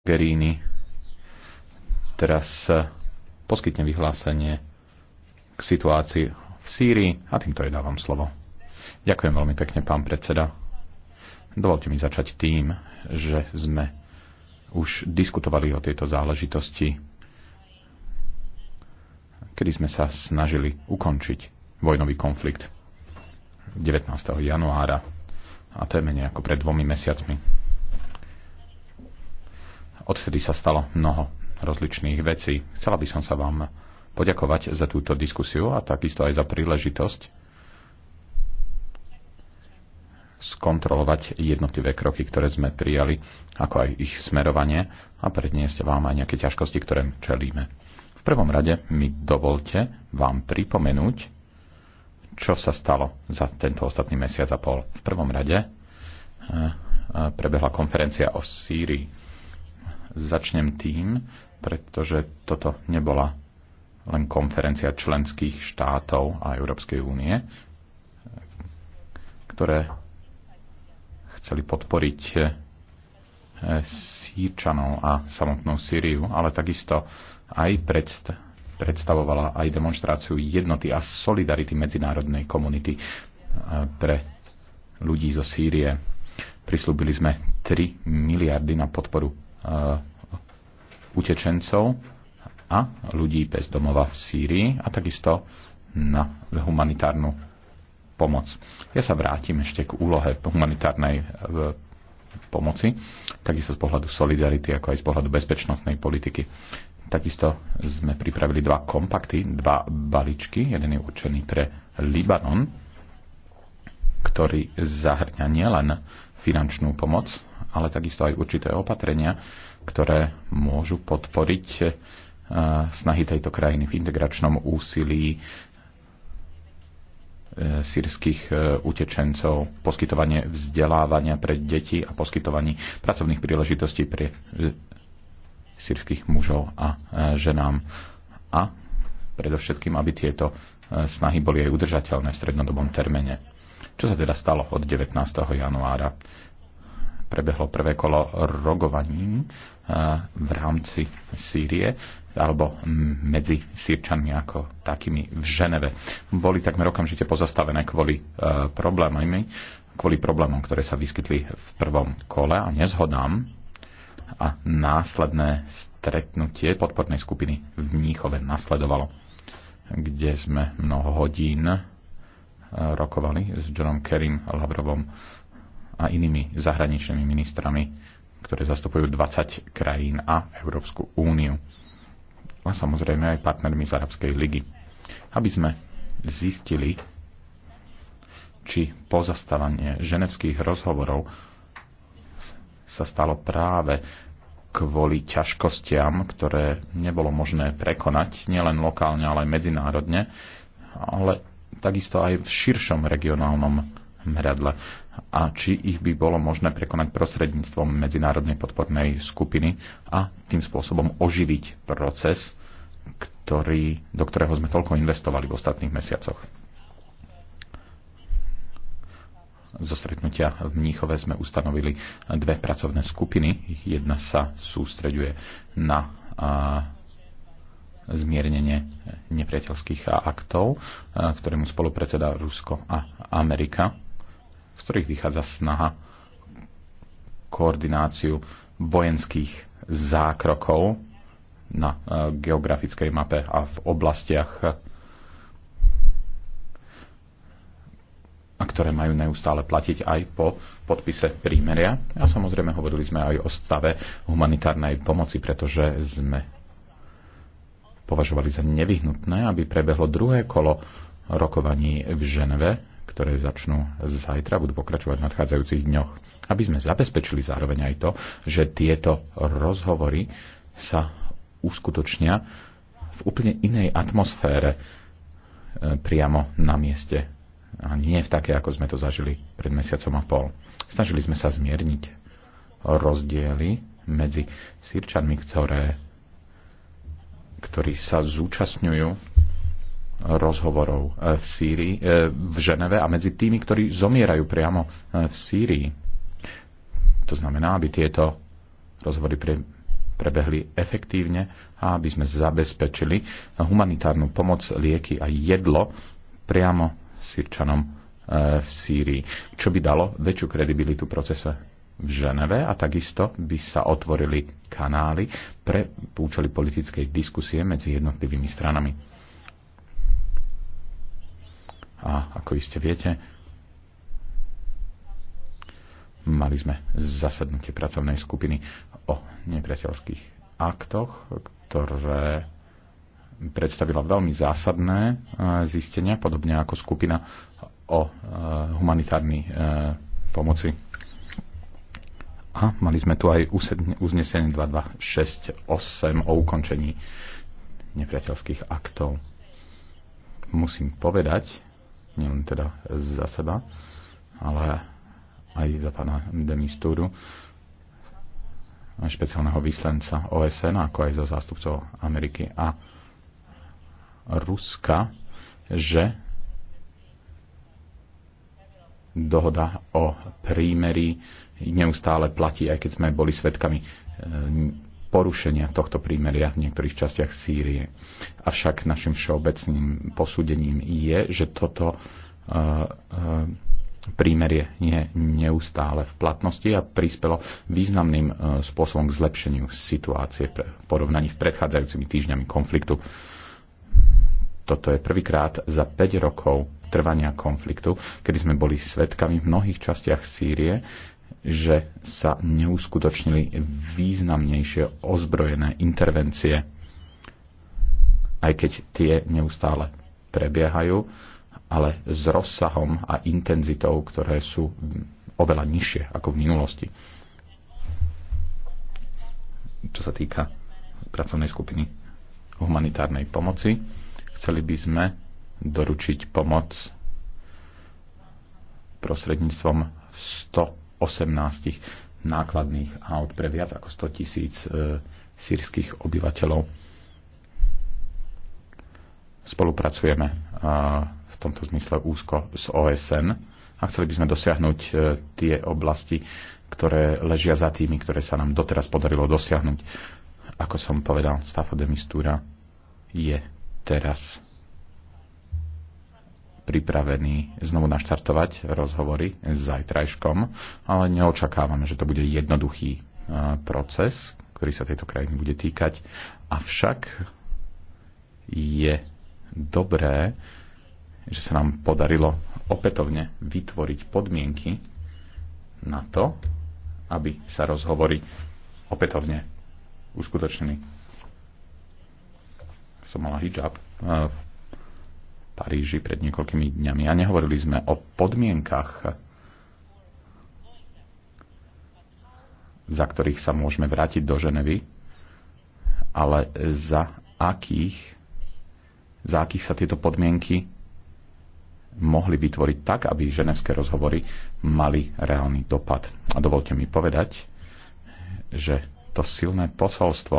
Geríny. Teraz eh, poskytne vyhlásenie k situácii v Sýrii a týmto je dávam slovo. Ďakujem veľmi pekne, pán predseda. Dovolte mi začať tým, že sme už diskutovali o tejto záležitosti, kedy sme sa snažili ukončiť vojnový konflikt 19. januára, a to je menej ako pred dvomi mesiacmi Odtedy sa stalo mnoho rozličných vecí. Chcela by som sa vám poďakovať za túto diskusiu a takisto aj za príležitosť skontrolovať jednotlivé kroky, ktoré sme prijali, ako aj ich smerovanie a predniesť vám aj nejaké ťažkosti, ktoré čelíme. V prvom rade mi dovolte vám pripomenúť, čo sa stalo za tento ostatný mesiac a pol. V prvom rade eh, eh, prebehla konferencia o Sýrii Začnem tým, pretože toto nebola len konferencia členských štátov a Európskej únie, ktoré chceli podporiť eh, Sýrčanov a samotnú Sýriu, ale takisto aj predst- predstavovala aj demonstráciu jednoty a solidarity medzinárodnej komunity eh, pre ľudí zo Sýrie. Prislúbili sme 3 miliardy na podporu eh, utečencov a ľudí bez domova v Sýrii a takisto na humanitárnu pomoc. Ja sa vrátim ešte k úlohe humanitárnej e, pomoci, takisto z pohľadu solidarity, ako aj z pohľadu bezpečnostnej politiky. Takisto sme pripravili dva kompakty, dva balíčky. Jeden je určený pre Libanon, ktorý zahrňa nielen finančnú pomoc, ale takisto aj určité opatrenia, ktoré môžu podporiť e, snahy tejto krajiny v integračnom úsilí e, sírskych e, utečencov, poskytovanie vzdelávania pre deti a poskytovanie pracovných príležitostí pre sírskych mužov a ženám. A predovšetkým, aby tieto snahy boli aj udržateľné v strednodobom termene. Čo sa teda stalo od 19. januára? prebehlo prvé kolo rogovaní e, v rámci Sýrie alebo medzi Sýrčanmi ako takými v Ženeve. Boli takmer okamžite pozastavené kvôli e, problémami, kvôli problémom, ktoré sa vyskytli v prvom kole a nezhodám a následné stretnutie podpornej skupiny v Mníchove nasledovalo, kde sme mnoho hodín e, rokovali s Johnom Kerim, Lavrovom a inými zahraničnými ministrami, ktoré zastupujú 20 krajín a Európsku úniu. A samozrejme aj partnermi z Arabskej ligy. Aby sme zistili, či pozastavanie ženevských rozhovorov sa stalo práve kvôli ťažkostiam, ktoré nebolo možné prekonať, nielen lokálne, ale aj medzinárodne, ale takisto aj v širšom regionálnom meradle a či ich by bolo možné prekonať prostredníctvom medzinárodnej podpornej skupiny a tým spôsobom oživiť proces, ktorý, do ktorého sme toľko investovali v ostatných mesiacoch. Zo stretnutia v Mníchove sme ustanovili dve pracovné skupiny. Jedna sa sústreďuje na zmiernenie nepriateľských aktov, ktorému spolupredseda Rusko a Amerika z ktorých vychádza snaha koordináciu vojenských zákrokov na e, geografickej mape a v oblastiach, e, a ktoré majú neustále platiť aj po podpise prímeria. A samozrejme hovorili sme aj o stave humanitárnej pomoci, pretože sme považovali za nevyhnutné, aby prebehlo druhé kolo rokovaní v Ženeve ktoré začnú zajtra, budú pokračovať v nadchádzajúcich dňoch. Aby sme zabezpečili zároveň aj to, že tieto rozhovory sa uskutočnia v úplne inej atmosfére e, priamo na mieste a nie v také, ako sme to zažili pred mesiacom a pol. Snažili sme sa zmierniť rozdiely medzi sírčanmi, ktoré, ktorí sa zúčastňujú rozhovorov eh, v, Sýrii, eh, v Ženeve a medzi tými, ktorí zomierajú priamo eh, v Sýrii. To znamená, aby tieto rozhovory pre, prebehli efektívne a aby sme zabezpečili humanitárnu pomoc, lieky a jedlo priamo Sýrčanom v Sýrii, čo by dalo väčšiu kredibilitu procese v Ženeve a takisto by sa otvorili kanály pre účely politickej diskusie medzi jednotlivými stranami. A ako iste viete, mali sme zasadnutie pracovnej skupiny o nepriateľských aktoch, ktoré predstavila veľmi zásadné e, zistenia, podobne ako skupina o e, humanitárnej e, pomoci. A mali sme tu aj uznesenie 2268 o ukončení nepriateľských aktov. Musím povedať, nielen teda za seba, ale aj za pána Demistúru, špeciálneho vyslanca OSN, ako aj za zástupcov Ameriky a Ruska, že dohoda o prímeri neustále platí, aj keď sme boli svedkami e, porušenia tohto prímeria v niektorých častiach Sýrie. Avšak našim všeobecným posúdením je, že toto e, e, prímerie je neustále v platnosti a prispelo významným e, spôsobom k zlepšeniu situácie v porovnaní s predchádzajúcimi týždňami konfliktu. Toto je prvýkrát za 5 rokov trvania konfliktu, kedy sme boli svetkami v mnohých častiach Sýrie, že sa neuskutočnili významnejšie ozbrojené intervencie, aj keď tie neustále prebiehajú, ale s rozsahom a intenzitou, ktoré sú oveľa nižšie ako v minulosti. Čo sa týka pracovnej skupiny humanitárnej pomoci, chceli by sme doručiť pomoc prostredníctvom 100 18 nákladných aut pre viac ako 100 tisíc e, sírskych obyvateľov. Spolupracujeme e, v tomto zmysle úzko s OSN a chceli by sme dosiahnuť e, tie oblasti, ktoré ležia za tými, ktoré sa nám doteraz podarilo dosiahnuť. Ako som povedal, Stafo de Mistura je teraz pripravení znovu naštartovať rozhovory s zajtrajškom, ale neočakávame, že to bude jednoduchý e, proces, ktorý sa tejto krajiny bude týkať. Avšak je dobré, že sa nám podarilo opätovne vytvoriť podmienky na to, aby sa rozhovory opätovne uskutočnili. Som mala hijab e, Paríži pred niekoľkými dňami a nehovorili sme o podmienkach, za ktorých sa môžeme vrátiť do Ženevy, ale za akých, za akých sa tieto podmienky mohli vytvoriť tak, aby ženevské rozhovory mali reálny dopad. A dovolte mi povedať, že to silné posolstvo,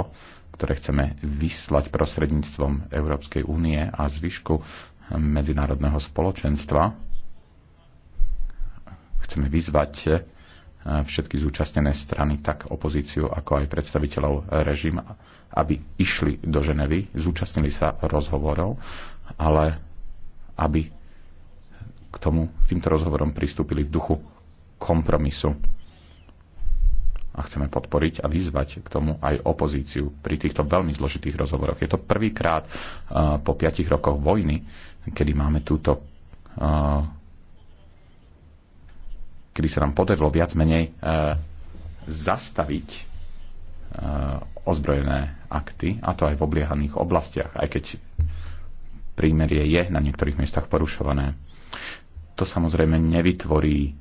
ktoré chceme vyslať prostredníctvom Európskej únie a zvyšku medzinárodného spoločenstva. Chceme vyzvať eh, všetky zúčastnené strany, tak opozíciu, ako aj predstaviteľov režim, aby išli do Ženevy, zúčastnili sa rozhovorov, ale aby k tomu, k týmto rozhovorom pristúpili v duchu kompromisu. A chceme podporiť a vyzvať k tomu aj opozíciu pri týchto veľmi zložitých rozhovoroch. Je to prvýkrát eh, po piatich rokoch vojny, kedy máme túto eh, kedy sa nám podarilo viac menej eh, zastaviť eh, ozbrojené akty, a to aj v obliehaných oblastiach, aj keď prímerie je na niektorých miestach porušované. To samozrejme nevytvorí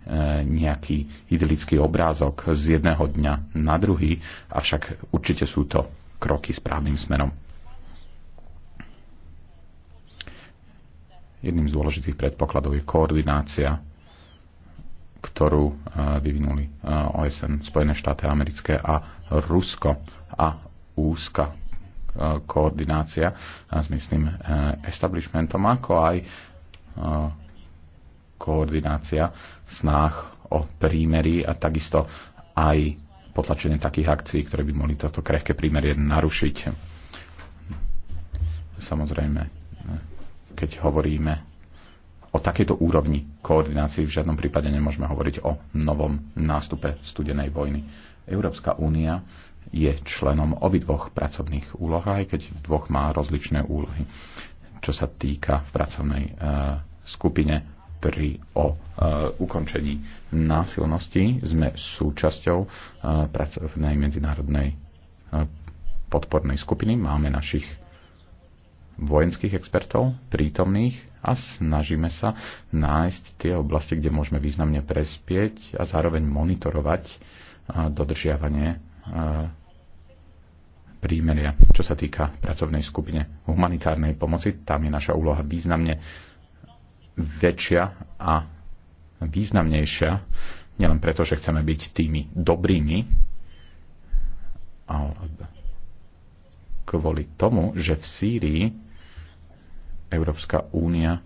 nejaký idylický obrázok z jedného dňa na druhý, avšak určite sú to kroky správnym smerom. Jedným z dôležitých predpokladov je koordinácia, ktorú eh, vyvinuli eh, OSN, Spojené štáty americké a Rusko a úzka eh, koordinácia s myslím establishmentom, ako aj koordinácia snách o prímerí a takisto aj potlačenie takých akcií, ktoré by mohli toto krehké prímerie narušiť. Samozrejme, keď hovoríme o takejto úrovni koordinácii v žiadnom prípade nemôžeme hovoriť o novom nástupe studenej vojny. Európska únia je členom obidvoch pracovných úloh, aj keď v dvoch má rozličné úlohy. Čo sa týka v pracovnej e, skupine pri o e, ukončení násilnosti, sme súčasťou e, pracovnej medzinárodnej e, podpornej skupiny. Máme našich vojenských expertov prítomných a snažíme sa nájsť tie oblasti, kde môžeme významne prespieť a zároveň monitorovať dodržiavanie prímeria, čo sa týka pracovnej skupine humanitárnej pomoci. Tam je naša úloha významne väčšia a významnejšia, nielen preto, že chceme byť tými dobrými, ale kvôli tomu, že v Sýrii Európska únia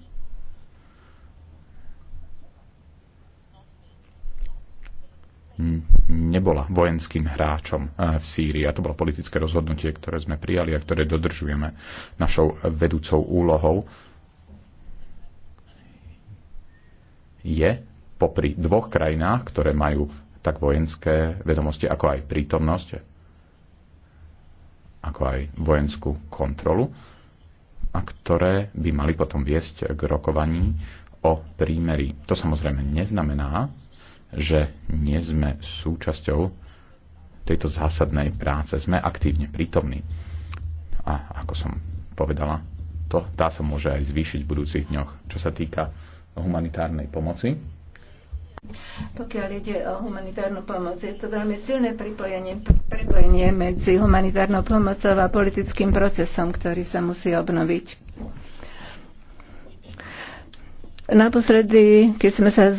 nebola vojenským hráčom eh, v Sýrii. A to bolo politické rozhodnutie, ktoré sme prijali a ktoré dodržujeme našou vedúcou úlohou. Je popri dvoch krajinách, ktoré majú tak vojenské vedomosti, ako aj prítomnosť, ako aj vojenskú kontrolu, a ktoré by mali potom viesť k rokovaní o prímeri. To samozrejme neznamená, že nie sme súčasťou tejto zásadnej práce. Sme aktívne prítomní. A ako som povedala, to, tá sa môže aj zvýšiť v budúcich dňoch. Čo sa týka humanitárnej pomoci, pokiaľ ide o humanitárnu pomoc, je to veľmi silné pripojenie, prepojenie medzi humanitárnou pomocou a politickým procesom, ktorý sa musí obnoviť. Naposledy, keď sme sa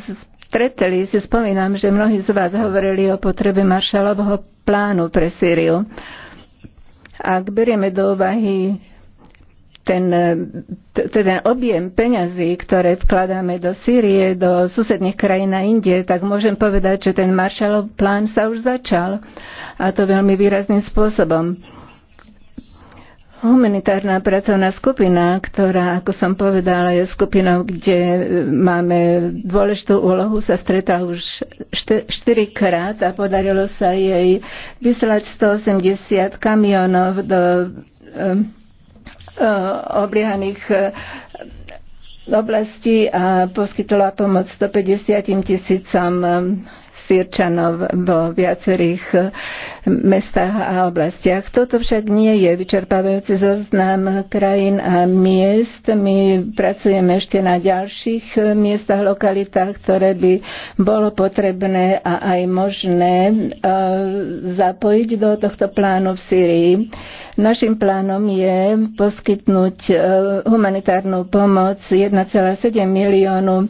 stretli, si spomínam, že mnohí z vás hovorili o potrebe maršalovho plánu pre Sýriu. Ak berieme do úvahy ten, e, ten objem peňazí, ktoré vkladáme do Sýrie, do susedných krajín a Indie, tak môžem povedať, že ten Marshallov plán sa už začal a to veľmi výrazným spôsobom. Humanitárna pracovná skupina, ktorá, ako som povedala, je skupinou, kde e, máme dôležitú úlohu, sa stretla už 4 krát a podarilo sa jej vyslať 180 kamionov do e, Eh, obliehaných eh, oblastí a poskytla pomoc 150 tisícam eh, sírčanov vo viacerých eh, mestách a oblastiach. Toto však nie je vyčerpávajúci zoznam krajín a miest. My pracujeme ešte na ďalších eh, miestach, lokalitách, ktoré by bolo potrebné a aj možné eh, zapojiť do tohto plánu v Sýrii. Našim plánom je poskytnúť humanitárnu pomoc 1,7 miliónu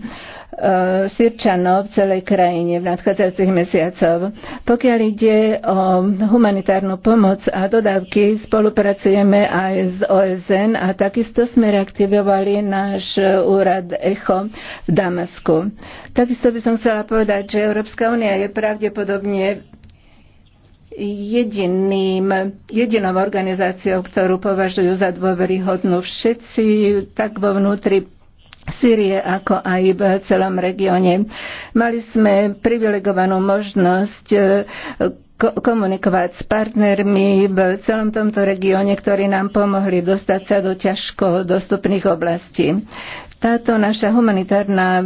E, Sirčanov v celej krajine v nadchádzajúcich mesiacov. Pokiaľ ide o humanitárnu pomoc a dodávky, spolupracujeme aj s OSN a takisto sme reaktivovali náš úrad ECHO v Damasku. Takisto by som chcela povedať, že Európska únia je pravdepodobne jediným, jedinou organizáciou, ktorú považujú za dôveryhodnú všetci, tak vo vnútri Sýrie, ako aj v celom regióne. Mali sme privilegovanú možnosť eh, komunikovať s partnermi v celom tomto regióne, ktorí nám pomohli dostať sa do ťažko dostupných oblastí. Táto naša humanitárna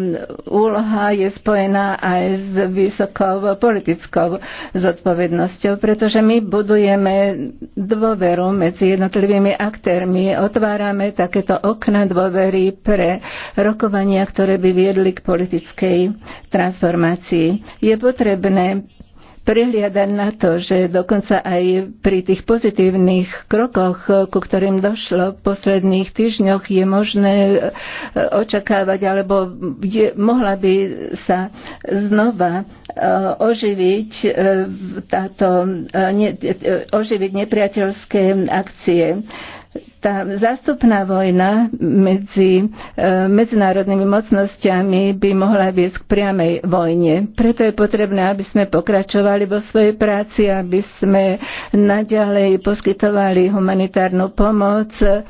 úloha je spojená aj s vysokou politickou zodpovednosťou, pretože my budujeme dôveru medzi jednotlivými aktérmi, otvárame takéto okna dôvery pre rokovania, ktoré by viedli k politickej transformácii. Je potrebné prihliadať na to, že dokonca aj pri tých pozitívnych krokoch, ku ktorým došlo v posledných týždňoch, je možné e, očakávať, alebo je, mohla by sa znova e, oživiť, e, táto, ne, oživiť nepriateľské akcie tá zástupná vojna medzi e, medzinárodnými mocnosťami by mohla viesť k priamej vojne. Preto je potrebné, aby sme pokračovali vo svojej práci, aby sme naďalej poskytovali humanitárnu pomoc, e,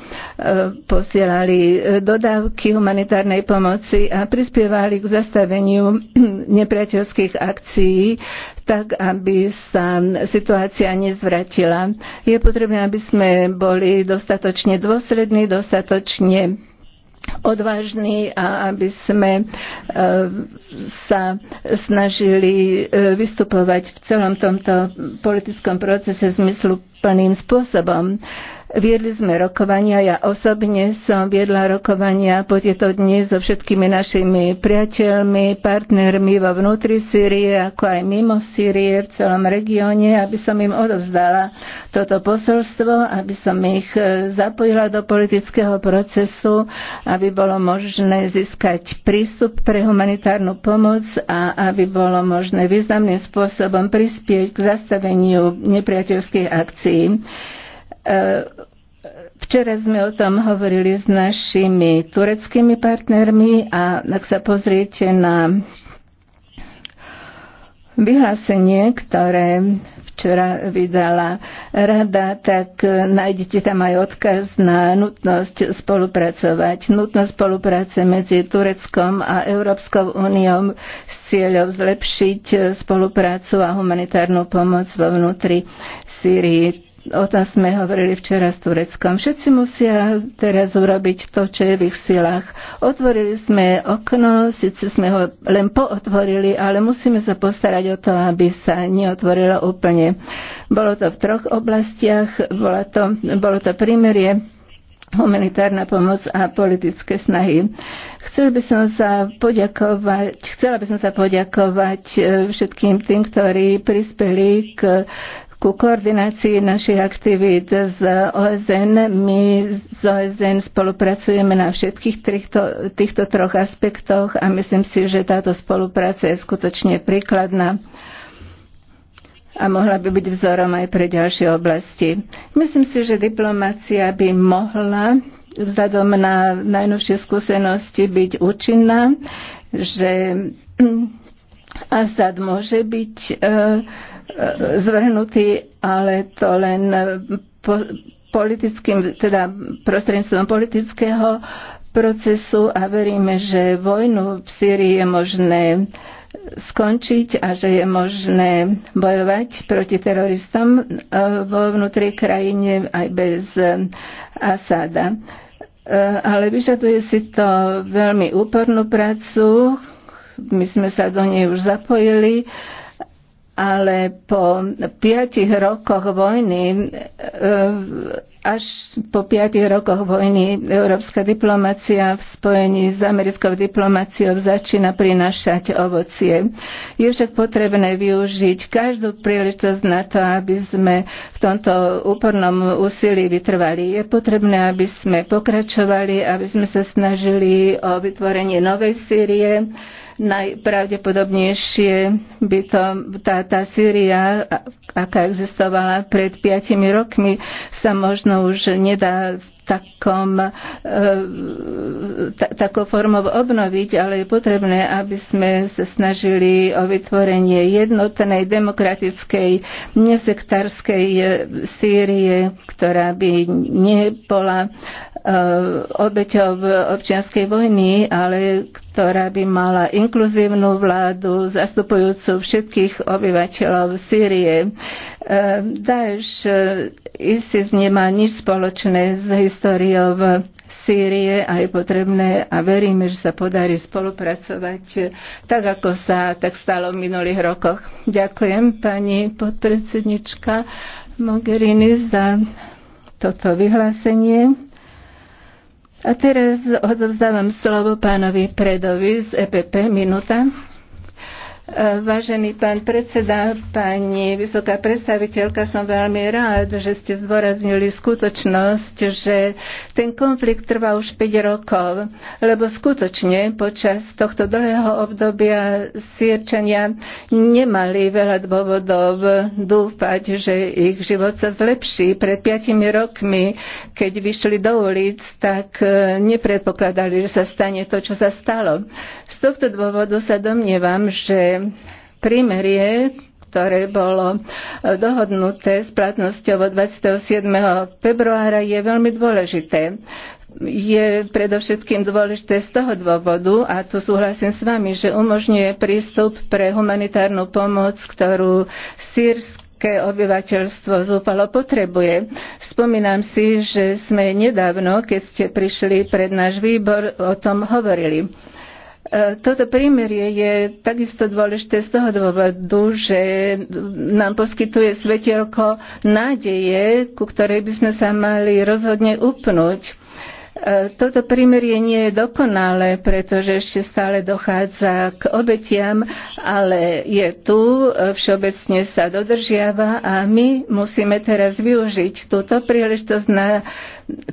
posielali e, dodávky humanitárnej pomoci a prispievali k zastaveniu nepriateľských akcií tak aby sa situácia nezvratila. Je potrebné, aby sme boli dostatočne dôslední, dostatočne odvážni a aby sme e, sa snažili e, vystupovať v celom tomto politickom procese zmysluplným spôsobom. Viedli sme rokovania, ja osobne som viedla rokovania po tieto dni so všetkými našimi priateľmi, partnermi vo vnútri Sýrie, ako aj mimo Sýrie, v celom regióne, aby som im odovzdala toto posolstvo, aby som ich e, zapojila do politického procesu, aby bolo možné získať prístup pre humanitárnu pomoc a aby bolo možné významným spôsobom prispieť k zastaveniu nepriateľských akcií. E, včera sme o tom hovorili s našimi tureckými partnermi a ak sa pozriete na vyhlásenie, ktoré včera vydala rada, tak nájdete tam aj odkaz na nutnosť spolupracovať. Nutnosť spolupráce medzi Tureckom a Európskou úniou s cieľom zlepšiť spoluprácu a humanitárnu pomoc vo vnútri Sýrii O tom sme hovorili včera s Tureckom. Všetci musia teraz urobiť to, čo je v ich silách. Otvorili sme okno, síce sme ho len pootvorili, ale musíme sa postarať o to, aby sa neotvorilo úplne. Bolo to v troch oblastiach, bolo to, bolo to prímerie, humanitárna pomoc a politické snahy. Chcel by som sa poďakovať, chcela by som sa poďakovať eh, všetkým tým, ktorí prispeli k ku koordinácii našich aktivít z OSN my z OSN spolupracujeme na všetkých týchto, týchto troch aspektoch a myslím si, že táto spolupráca je skutočne príkladná a mohla by byť vzorom aj pre ďalšie oblasti. Myslím si, že diplomácia by mohla vzhľadom na najnovšie skúsenosti byť účinná, že Asad môže byť uh, zvrhnutý, ale to len po, politickým, teda prostredníctvom politického procesu a veríme, že vojnu v Sýrii je možné skončiť a že je možné bojovať proti teroristom e, vo vnútri krajine aj bez Asada. E, ale vyžaduje si to veľmi úpornú prácu, my sme sa do nej už zapojili ale po piatich rokoch vojny e, až po piatich rokoch vojny európska diplomacia v spojení s americkou diplomáciou začína prinašať ovocie. Je však potrebné využiť každú príležitosť na to, aby sme v tomto úpornom úsilí vytrvali. Je potrebné, aby sme pokračovali, aby sme sa snažili o vytvorenie novej Sýrie, Najpravdepodobnejšie by to tá, tá Sýria, aká existovala pred piatimi rokmi, sa možno už nedá takom, e, takou formou obnoviť, ale je potrebné, aby sme sa snažili o vytvorenie jednotnej, demokratickej, nesektárskej e, Sýrie, ktorá by nebola Eh, obeťov občianskej vojny, ale ktorá by mala inkluzívnu vládu zastupujúcu všetkých obyvateľov Sýrie. Eh, Daesh eh, ISIS nemá nič spoločné s históriou Sýrie a je potrebné a veríme, že sa podarí spolupracovať tak, ako sa tak stalo v minulých rokoch. Ďakujem pani podpredsednička Mogherini za toto vyhlásenie. A teraz odovzdávam slovo pánovi Predovi z EPP. Minúta. Vážený pán predseda, pani vysoká predstaviteľka, som veľmi rád, že ste zdôraznili skutočnosť, že ten konflikt trvá už 5 rokov, lebo skutočne počas tohto dlhého obdobia Sierčania nemali veľa dôvodov dúfať, že ich život sa zlepší. Pred 5 rokmi, keď vyšli do ulic, tak nepredpokladali, že sa stane to, čo sa stalo. Z tohto dôvodu sa domnievam, že prímerie, ktoré bolo eh, dohodnuté s platnosťou od 27. februára, je veľmi dôležité je predovšetkým dôležité z toho dôvodu, a tu súhlasím s vami, že umožňuje prístup pre humanitárnu pomoc, ktorú sírsk aké obyvateľstvo zúfalo potrebuje. Spomínam si, že sme nedávno, keď ste prišli pred náš výbor, o tom hovorili. Toto prímerie je takisto dôležité z toho dôvodu, že nám poskytuje svetelko nádeje, ku ktorej by sme sa mali rozhodne upnúť. E, toto prímerie nie je dokonalé, pretože ešte stále dochádza k obetiam, ale je tu, e, všeobecne sa dodržiava a my musíme teraz využiť túto príležitosť na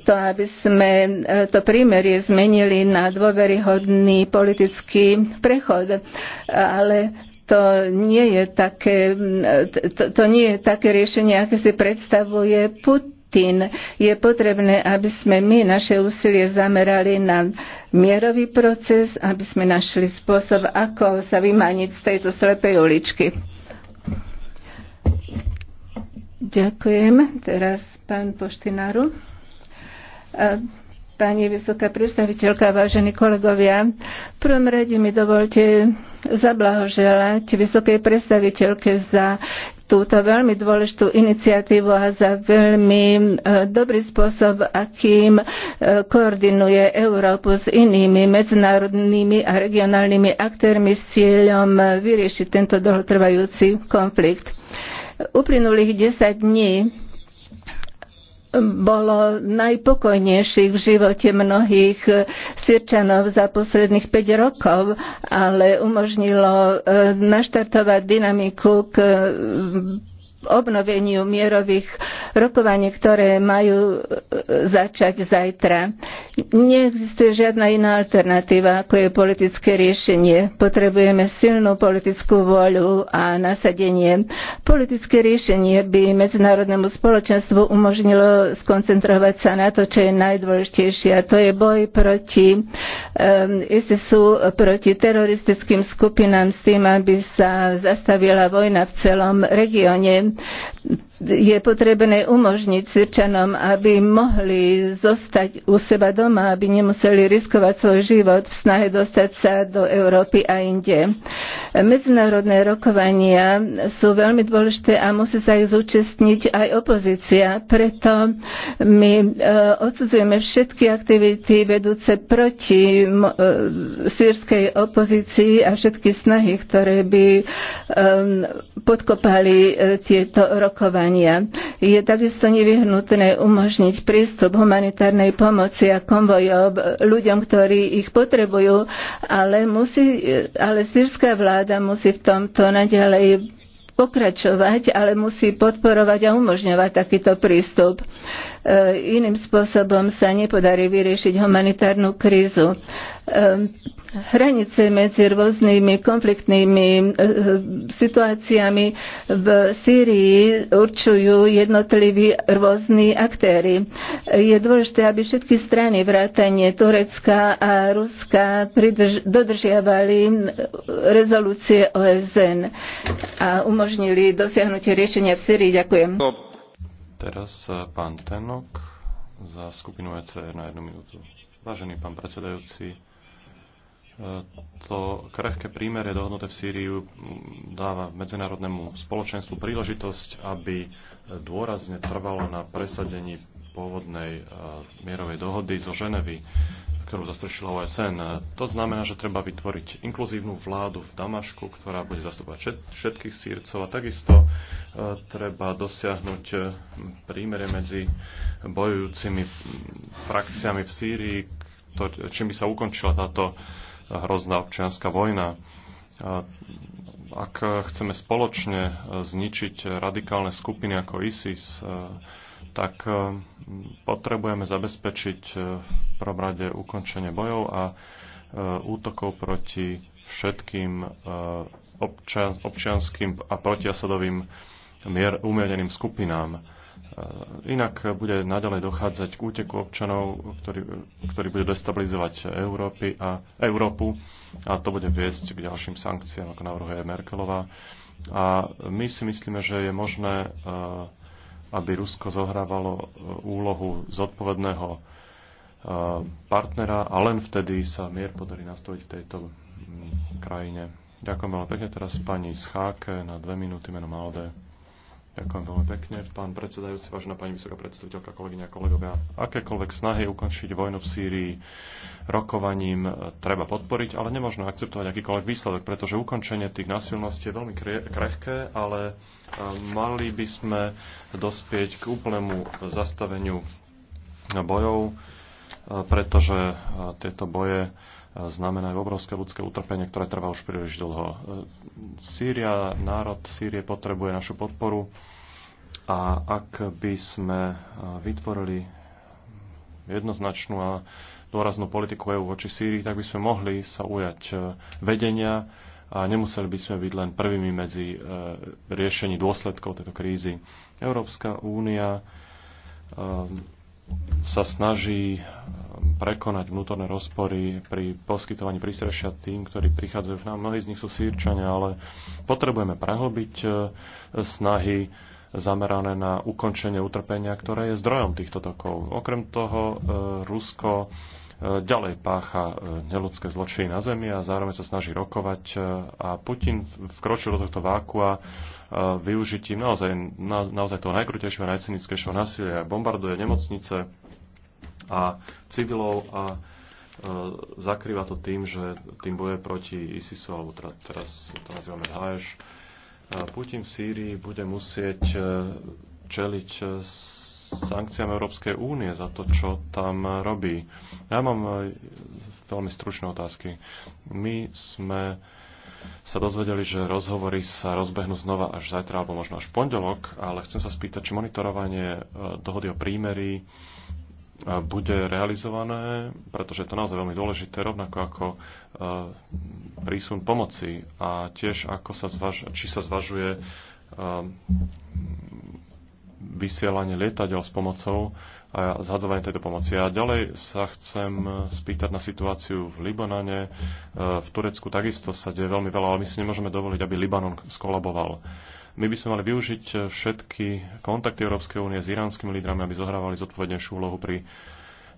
to, aby sme e, to prímerie zmenili na dôveryhodný politický prechod. Ale to nie je také, to, to nie je také riešenie, aké si predstavuje Putin Putin, Je potrebné, aby sme my naše úsilie zamerali na mierový proces, aby sme našli spôsob, ako sa vymaniť z tejto slepej uličky. Ďakujem. Teraz pán Poštinaru. Pani vysoká predstaviteľka, vážení kolegovia, v prvom rade mi dovolte zablahoželať vysokej predstaviteľke za túto veľmi dôležitú iniciatívu a za veľmi e, dobrý spôsob, akým e, koordinuje Európu s inými medzinárodnými a regionálnymi aktérmi s cieľom e, vyriešiť tento dlhotrvajúci konflikt. Uplynulých 10 dní bolo najpokojnejších v živote mnohých Sirčanov za posledných 5 rokov, ale umožnilo e, naštartovať dynamiku k e, obnoveniu mierových rokovaní, ktoré majú e, začať zajtra. Neexistuje žiadna iná alternatíva, ako je politické riešenie. Potrebujeme silnú politickú voľu a nasadenie. Politické riešenie by medzinárodnému spoločenstvu umožnilo skoncentrovať sa na to, čo je najdôležitejšie. A to je boj proti um, ISISu, proti teroristickým skupinám s tým, aby sa zastavila vojna v celom regióne je potrebné umožniť Sirčanom, aby mohli zostať u seba doma, aby nemuseli riskovať svoj život v snahe dostať sa do Európy a inde. Medzinárodné rokovania sú veľmi dôležité a musí sa ich zúčastniť aj opozícia. Preto my e, odsudzujeme všetky aktivity vedúce proti e, sírskej opozícii a všetky snahy, ktoré by e, podkopali tieto rokovania povolania. Je takisto nevyhnutné umožniť prístup humanitárnej pomoci a konvojov ľuďom, ktorí ich potrebujú, ale, musí, ale sírska vláda musí v tomto naďalej pokračovať, ale musí podporovať a umožňovať takýto prístup. E, iným spôsobom sa nepodarí vyriešiť humanitárnu krízu hranice medzi rôznymi konfliktnými e, e, situáciami v Sýrii určujú jednotliví rôzni aktéry. Je dôležité, aby všetky strany vrátanie Turecka a Ruska dodržiavali rezolúcie OSN a umožnili dosiahnutie riešenia v Sýrii. Ďakujem. Teraz e, pán Tenok za skupinu ECR na jednu minútu. Vážený pán predsedajúci, to krehké prímerie dohodnuté v Sýriu dáva medzinárodnému spoločenstvu príležitosť, aby dôrazne trvalo na presadení pôvodnej e, mierovej dohody zo Ženevy, ktorú zastrešila OSN. To znamená, že treba vytvoriť inkluzívnu vládu v Damašku, ktorá bude zastupovať všetkých sírcov a takisto e, treba dosiahnuť e, prímerie medzi bojujúcimi frakciami v Sýrii, čím by sa ukončila táto hrozná občianská vojna. Ak chceme spoločne zničiť radikálne skupiny ako ISIS, e, tak e, potrebujeme zabezpečiť e, v prvom rade ukončenie bojov a útokov proti všetkým občianským a protiasadovým umierneným skupinám Eh, inak bude naďalej dochádzať k úteku občanov, ktorý, ktorý bude destabilizovať Európy a, Európu a to bude viesť k ďalším sankciám, ako navrhuje Merkelová. A my si myslíme, že je možné, eh, aby Rusko zohrávalo eh, úlohu zodpovedného partnera a len vtedy sa mier podarí nastaviť v tejto mm, krajine. Ďakujem veľmi pekne teraz pani Scháke na dve minúty meno Malde. Ďakujem veľmi pekne. Pán predsedajúci, vážená pani vysoká predstaviteľka, kolegyňa a kolegovia, akékoľvek snahy ukončiť vojnu v Sýrii rokovaním treba podporiť, ale nemožno akceptovať akýkoľvek výsledok, pretože ukončenie tých násilností je veľmi krehké, ale e, mali by sme dospieť k úplnému zastaveniu bojov, e, pretože e, tieto boje znamenajú obrovské ľudské utrpenie, ktoré trvá už príliš dlho. E, Sýria, národ Sýrie potrebuje našu podporu a ak by sme e, vytvorili jednoznačnú a dôraznú politiku EÚ voči Sýrii, tak by sme mohli sa ujať e, vedenia a nemuseli by sme byť len prvými medzi riešení dôsledkov tejto krízy. Európska únia sa snaží um, prekonať vnútorné rozpory pri poskytovaní prístrešia tým, ktorí prichádzajú k nám. Mnohí z nich sú sírčania, ale potrebujeme prehlbiť uh, snahy zamerané na ukončenie utrpenia, ktoré je zdrojom týchto tokov. Okrem toho uh, Rusko ďalej pácha e, neludské zločiny na zemi a zároveň sa snaží rokovať. E, a Putin vkročil do tohto vákua e, využitím naozaj, naozaj toho najkrutejšieho, najcynickejšieho násilia. Bombarduje nemocnice a civilov a zakrýva to tým, že tým boje proti ISISu, alebo teraz to nazývame Daesh. Putin v Sýrii bude musieť čeliť s sankciám Európskej únie za to, čo tam robí. Ja mám eh, veľmi stručné otázky. My sme sa dozvedeli, že rozhovory sa rozbehnú znova až zajtra alebo možno až pondelok, ale chcem sa spýtať, či monitorovanie eh, dohody o prímerí eh, bude realizované, pretože je to naozaj veľmi dôležité, rovnako ako prísun pomoci a tiež ako sa zvaž- či sa zvažuje vysielanie lietadiel s pomocou a zhadzovanie tejto pomoci. A ďalej sa chcem spýtať na situáciu v Libanone. E, v Turecku takisto sa deje veľmi veľa, ale my si nemôžeme dovoliť, aby Libanon skolaboval. My by sme mali využiť všetky kontakty Európskej únie s iránskymi lídrami, aby zohrávali zodpovednejšiu úlohu pri, e,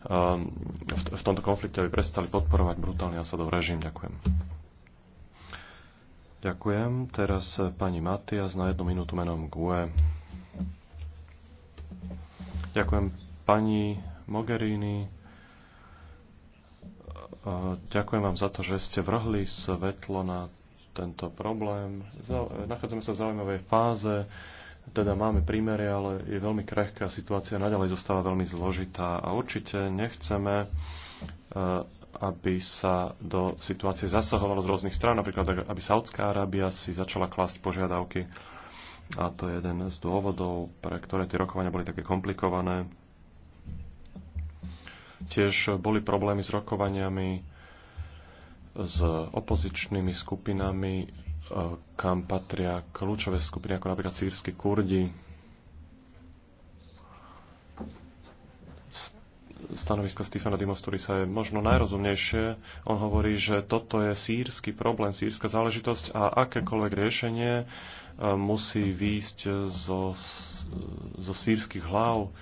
v, v tomto konflikte, aby prestali podporovať brutálny Asadov režim. Ďakujem. Ďakujem. Teraz pani Matias na jednu minútu menom GUE. Ďakujem pani Mogherini. Ďakujem vám za to, že ste vrhli svetlo na tento problém. Nachádzame sa v zaujímavej fáze, teda máme prímery, ale je veľmi krehká situácia, naďalej zostáva veľmi zložitá a určite nechceme, e, aby sa do situácie zasahovalo z rôznych strán, napríklad aby Saudská Arábia si začala klásť požiadavky a to je jeden z dôvodov, pre ktoré tie rokovania boli také komplikované. Tiež boli problémy s rokovaniami s opozičnými skupinami, e, kam patria kľúčové skupiny, ako napríklad sírsky kurdi, stanoviska Stefana Dimosturisa je možno najrozumnejšie. On hovorí, že toto je sírsky problém, sírska záležitosť a akékoľvek riešenie e, musí výjsť zo, zo sírskych hlav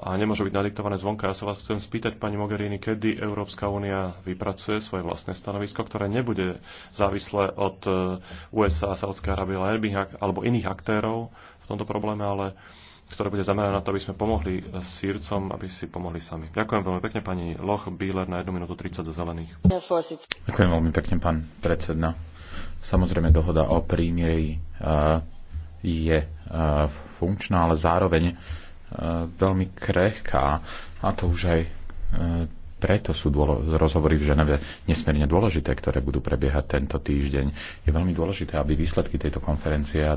a nemôže byť nadiktované zvonka. Ja sa vás chcem spýtať, pani Mogherini, kedy Európska únia vypracuje svoje vlastné stanovisko, ktoré nebude závislé od e, USA, Saudskej Arabie alebo iných aktérov v tomto probléme, ale uh, ktoré bude zamerané na to, aby sme pomohli e, sírcom, aby si pomohli sami. Ďakujem veľmi pekne pani Loch Bíler na 1 minútu 30 za zelených. Ďakujem veľmi pekne pán predseda. Samozrejme dohoda o prímieri e, je e, funkčná, ale zároveň veľmi krehká a to už aj preto sú rozhovory v Ženeve nesmierne dôležité, ktoré budú prebiehať tento týždeň. Je veľmi dôležité, aby výsledky tejto konferencie a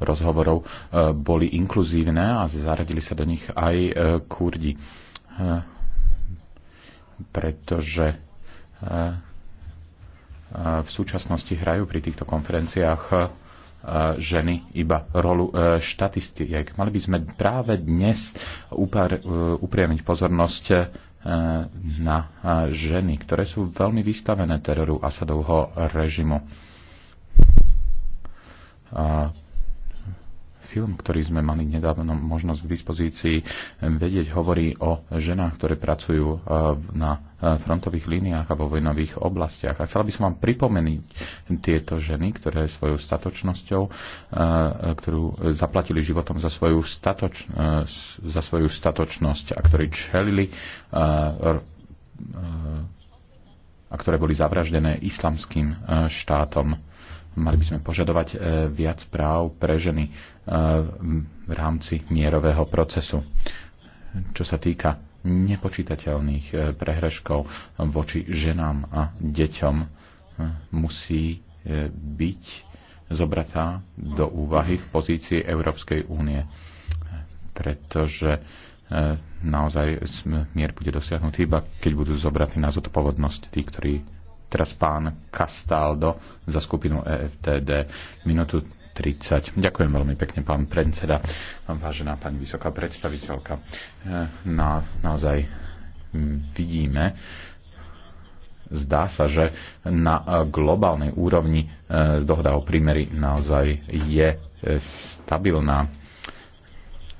rozhovorov e, boli inkluzívne a zaradili sa do nich aj e, kurdi. E, pretože v súčasnosti hrajú pri týchto konferenciách ženy iba rolu štatistiek. Mali by sme práve dnes upriamiť pozornosť Eh, na eh, ženy, ktoré sú veľmi vystavené teroru Asadovho režimu. Film, ktorý sme mali nedávno možnosť k dispozícii vedieť, hovorí o ženách, ktoré pracujú e, na e, frontových líniách a vo vojnových oblastiach. A chcela by som vám pripomeniť tieto ženy, ktoré svojou statočnosťou, e, ktorú zaplatili životom za svoju, statoč, za svoju statočnosť a ktorí čelili a ktoré boli zavraždené islamským štátom. Mali by sme požadovať e, viac práv pre ženy e, v rámci mierového procesu. Čo sa týka nepočítateľných e, prehreškov voči ženám a deťom, musí byť zobratá do úvahy v pozícii Európskej únie. Pretože naozaj mier bude dosiahnutý iba keď budú zobratí na zodpovednosť tí, ktorí Teraz pán Castaldo za skupinu EFTD. Minútu 30. Ďakujem veľmi pekne, pán predseda, vážená pani vysoká predstaviteľka. Eh, na, naozaj hm, vidíme, zdá sa, že na eh, globálnej úrovni eh, dohoda o prímery naozaj je stabilná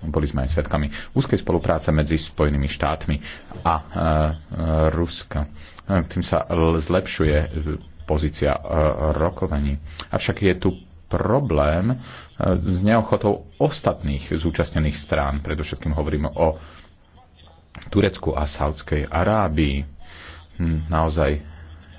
boli sme aj svetkami úzkej spolupráce medzi Spojenými štátmi a e, e, Ruska. E, tým sa zlepšuje pozícia rokovaní. Avšak je tu problém s neochotou ostatných zúčastnených strán. Predovšetkým hovoríme o Turecku a Saudskej Arábii. Hm, naozaj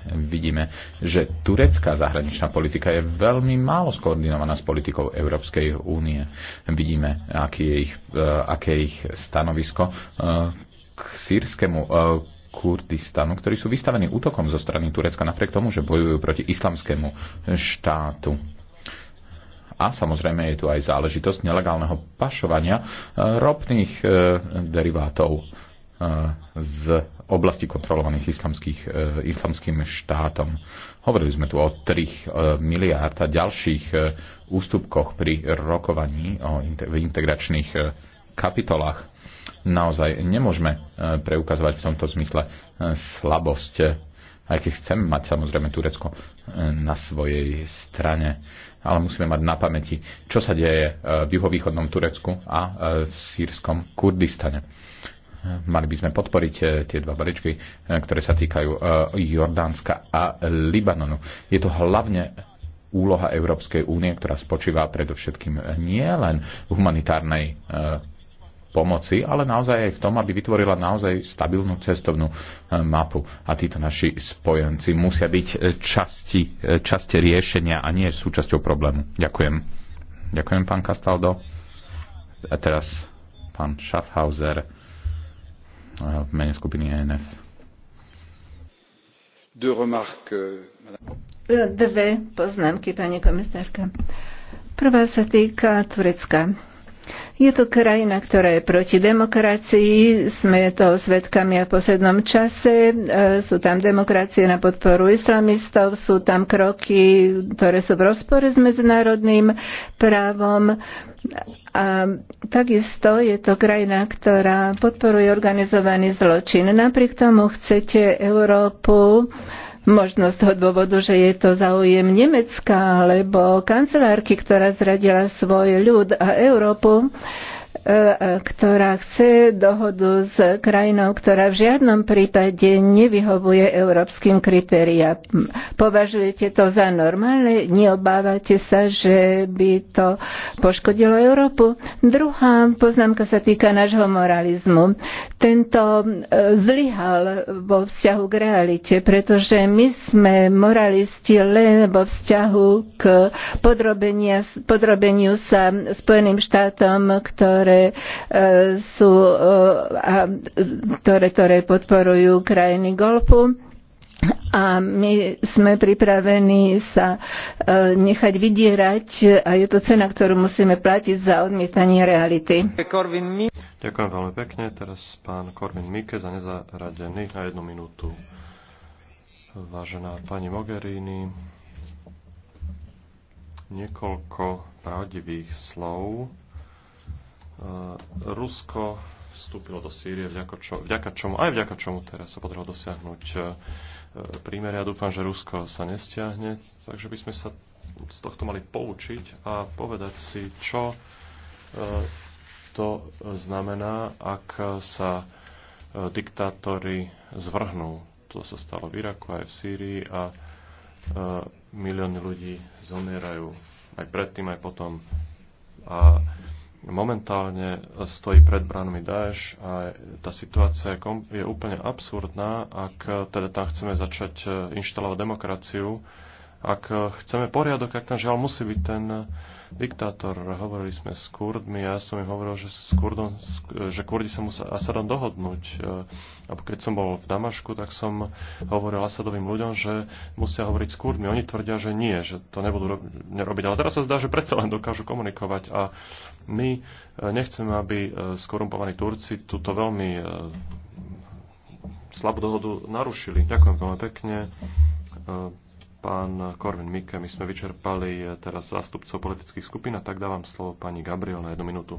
vidíme, že turecká zahraničná politika je veľmi málo skoordinovaná s politikou Európskej únie. Vidíme, aké je ich, e, aké je ich stanovisko e, k sírskému e, Kurdistanu, ktorí sú vystavení útokom zo strany Turecka napriek tomu, že bojujú proti islamskému štátu. A samozrejme je tu aj záležitosť nelegálneho pašovania ropných derivátov Eh, z oblasti kontrolovaných islamských, eh, islamským štátom. Hovorili sme tu o 3 eh, miliárd a ďalších ústupkoch pri rokovaní o integračných kapitolách. Naozaj nemôžeme preukazovať v tomto zmysle slabosť aj keď chceme mať samozrejme Turecko na svojej strane. Ale musíme mať na pamäti, čo sa deje v juhovýchodnom Turecku a v sírskom Kurdistane mali by sme podporiť e, tie dva baričky, e, ktoré sa týkajú e, Jordánska a Libanonu. Je to hlavne úloha Európskej únie, ktorá spočíva predovšetkým nielen v humanitárnej pomoci, ale naozaj aj v tom, aby vytvorila naozaj stabilnú cestovnú mapu. A títo naši spojenci musia byť časti, časti riešenia a nie súčasťou problému. Ďakujem. Ďakujem, pán Castaldo. A teraz pán Schaffhauser v mene skupiny ENF. Euh, Dve poznámky, pani komisárka. Prvá sa týka Turecka. Je to krajina, ktorá je proti demokracii, sme to svedkami a v poslednom čase. E, sú tam demokracie na podporu islamistov, sú tam kroky, ktoré sú v rozpore s medzinárodným právom. A takisto je to krajina, ktorá podporuje organizovaný zločin. Napriek tomu chcete Európu možno z toho dôvodu, že je to záujem Nemecka alebo kancelárky, ktorá zradila svoj ľud a Európu. E, e, ktorá chce dohodu s krajinou, ktorá v žiadnom prípade nevyhovuje európskym kritériám. Považujete to za normálne? Neobávate sa, že by to poškodilo Európu? Druhá poznámka sa týka nášho moralizmu. Tento e, zlyhal vo vzťahu k realite, pretože my sme moralisti len vo vzťahu k podrobeniu sa Spojeným štátom, ktoré ktoré e, sú, e, ktoré, ktoré podporujú krajiny golfu a my sme pripravení sa e, nechať vydierať a je to cena, ktorú musíme platiť za odmietanie reality. Ďakujem veľmi pekne. Teraz pán Korvin Mike za nezaradený na jednu minútu. Vážená pani Mogherini, niekoľko pravdivých slov Eh, Rusko vstúpilo do Sýrie, vďaka, čo, vďaka čomu, aj vďaka čomu teraz sa podarilo dosiahnuť eh, prímer. Ja dúfam, že Rusko sa nestiahne, takže by sme sa z tohto mali poučiť a povedať si, čo eh, to znamená, ak sa diktátori zvrhnú. To sa stalo v Iraku aj v Sýrii a milióny ľudí zomierajú aj predtým, aj potom. A momentálne stojí pred bránmi Daesh a tá situácia je úplne absurdná, ak teda tam chceme začať eh, inštalovať demokraciu. Ak eh, chceme poriadok, ak tam žiaľ musí byť ten diktátor. Hovorili sme s Kurdmi, ja som im hovoril, že, s Kurdom, že Kurdi sa musia Asadom dohodnúť. A e, keď som bol v Damašku, tak som hovoril Asadovým ľuďom, že musia hovoriť s Kurdmi. Oni tvrdia, že nie, že to nebudú nerobiť. Ale teraz sa zdá, že predsa len dokážu komunikovať a my e, nechceme, aby e, skorumpovaní Turci túto veľmi slabú dohodu narušili. Ďakujem veľmi pekne pán Korvin Mike. My sme vyčerpali teraz zástupcov politických skupín a tak dávam slovo pani Gabriel na jednu minútu.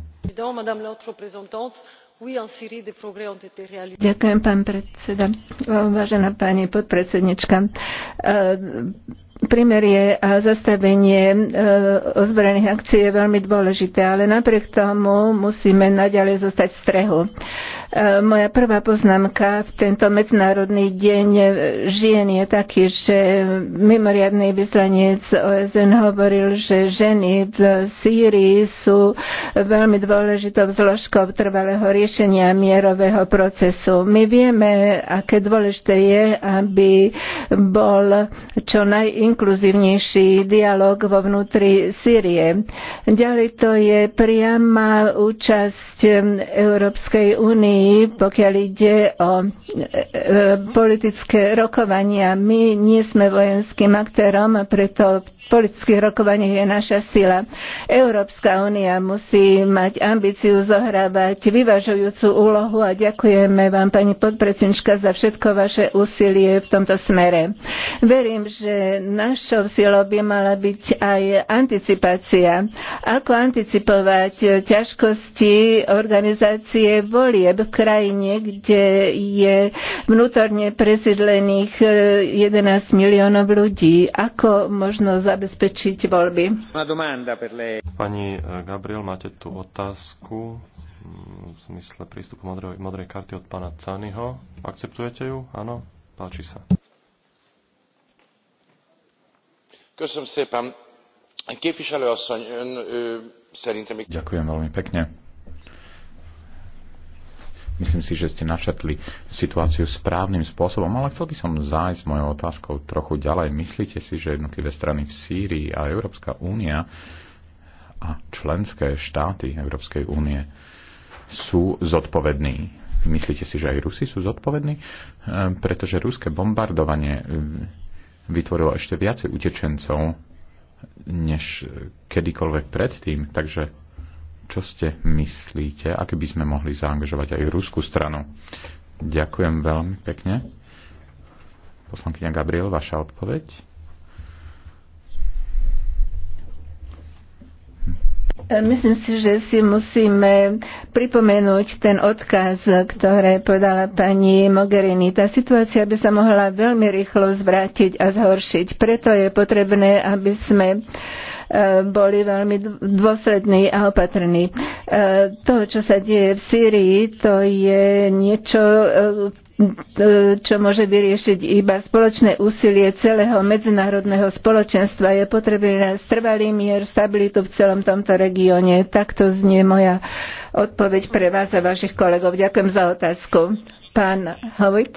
Ďakujem, pán predseda. Vážená pani podpredsednička, e, je a zastavenie e, ozbrojených akcií je veľmi dôležité, ale napriek tomu musíme naďalej zostať v strehu. Moja prvá poznámka v tento Medzinárodný deň žien je taký, že mimoriadný vyslanec OSN hovoril, že ženy v Sýrii sú veľmi dôležitou zložkou trvalého riešenia mierového procesu. My vieme, aké dôležité je, aby bol čo najinkluzívnejší dialog vo vnútri Sýrie. Ďalej to je priama účasť Európskej únie únii, pokiaľ ide o e, e, politické rokovania. My nie sme vojenským aktérom, preto v politických rokovaniach je naša sila. Európska únia musí mať ambíciu zohrávať vyvažujúcu úlohu a ďakujeme vám, pani podpredsednička, za všetko vaše úsilie v tomto smere. Verím, že našou silou by mala byť aj anticipácia. Ako anticipovať ťažkosti organizácie volieb, krajine, kde je vnútorne presídlených 11 e, miliónov ľudí. Ako možno zabezpečiť voľby? Pani e, Gabriel, máte tu otázku mm, v zmysle prístupu modrej, modrej karty od pána Canyho. Akceptujete ju? Áno? Páči sa. Ďakujem veľmi pekne. Myslím si, že ste načetli situáciu správnym spôsobom, ale chcel by som zájsť mojou otázkou trochu ďalej. Myslíte si, že jednotlivé strany v Sýrii a Európska únia a členské štáty Európskej únie sú zodpovední. Myslíte si, že aj Rusi sú zodpovední? E, pretože ruské bombardovanie e, vytvorilo ešte viacej utečencov než kedykoľvek predtým. Takže čo ste myslíte, ak by sme mohli zaangažovať aj ruskú stranu? Ďakujem veľmi pekne. Poslankyňa Gabriel, vaša odpoveď? Myslím si, že si musíme pripomenúť ten odkaz, ktoré podala pani Mogherini. Tá situácia by sa mohla veľmi rýchlo zvrátiť a zhoršiť. Preto je potrebné, aby sme uh, boli veľmi dôslední a opatrní. E, to, čo sa deje v Sýrii, to je niečo, e, čo môže vyriešiť iba spoločné úsilie celého medzinárodného spoločenstva. Je potrebný trvalý mier, stabilitu v celom tomto regióne. Takto znie moja odpoveď pre vás a vašich kolegov. Ďakujem za otázku. Pán Hovit.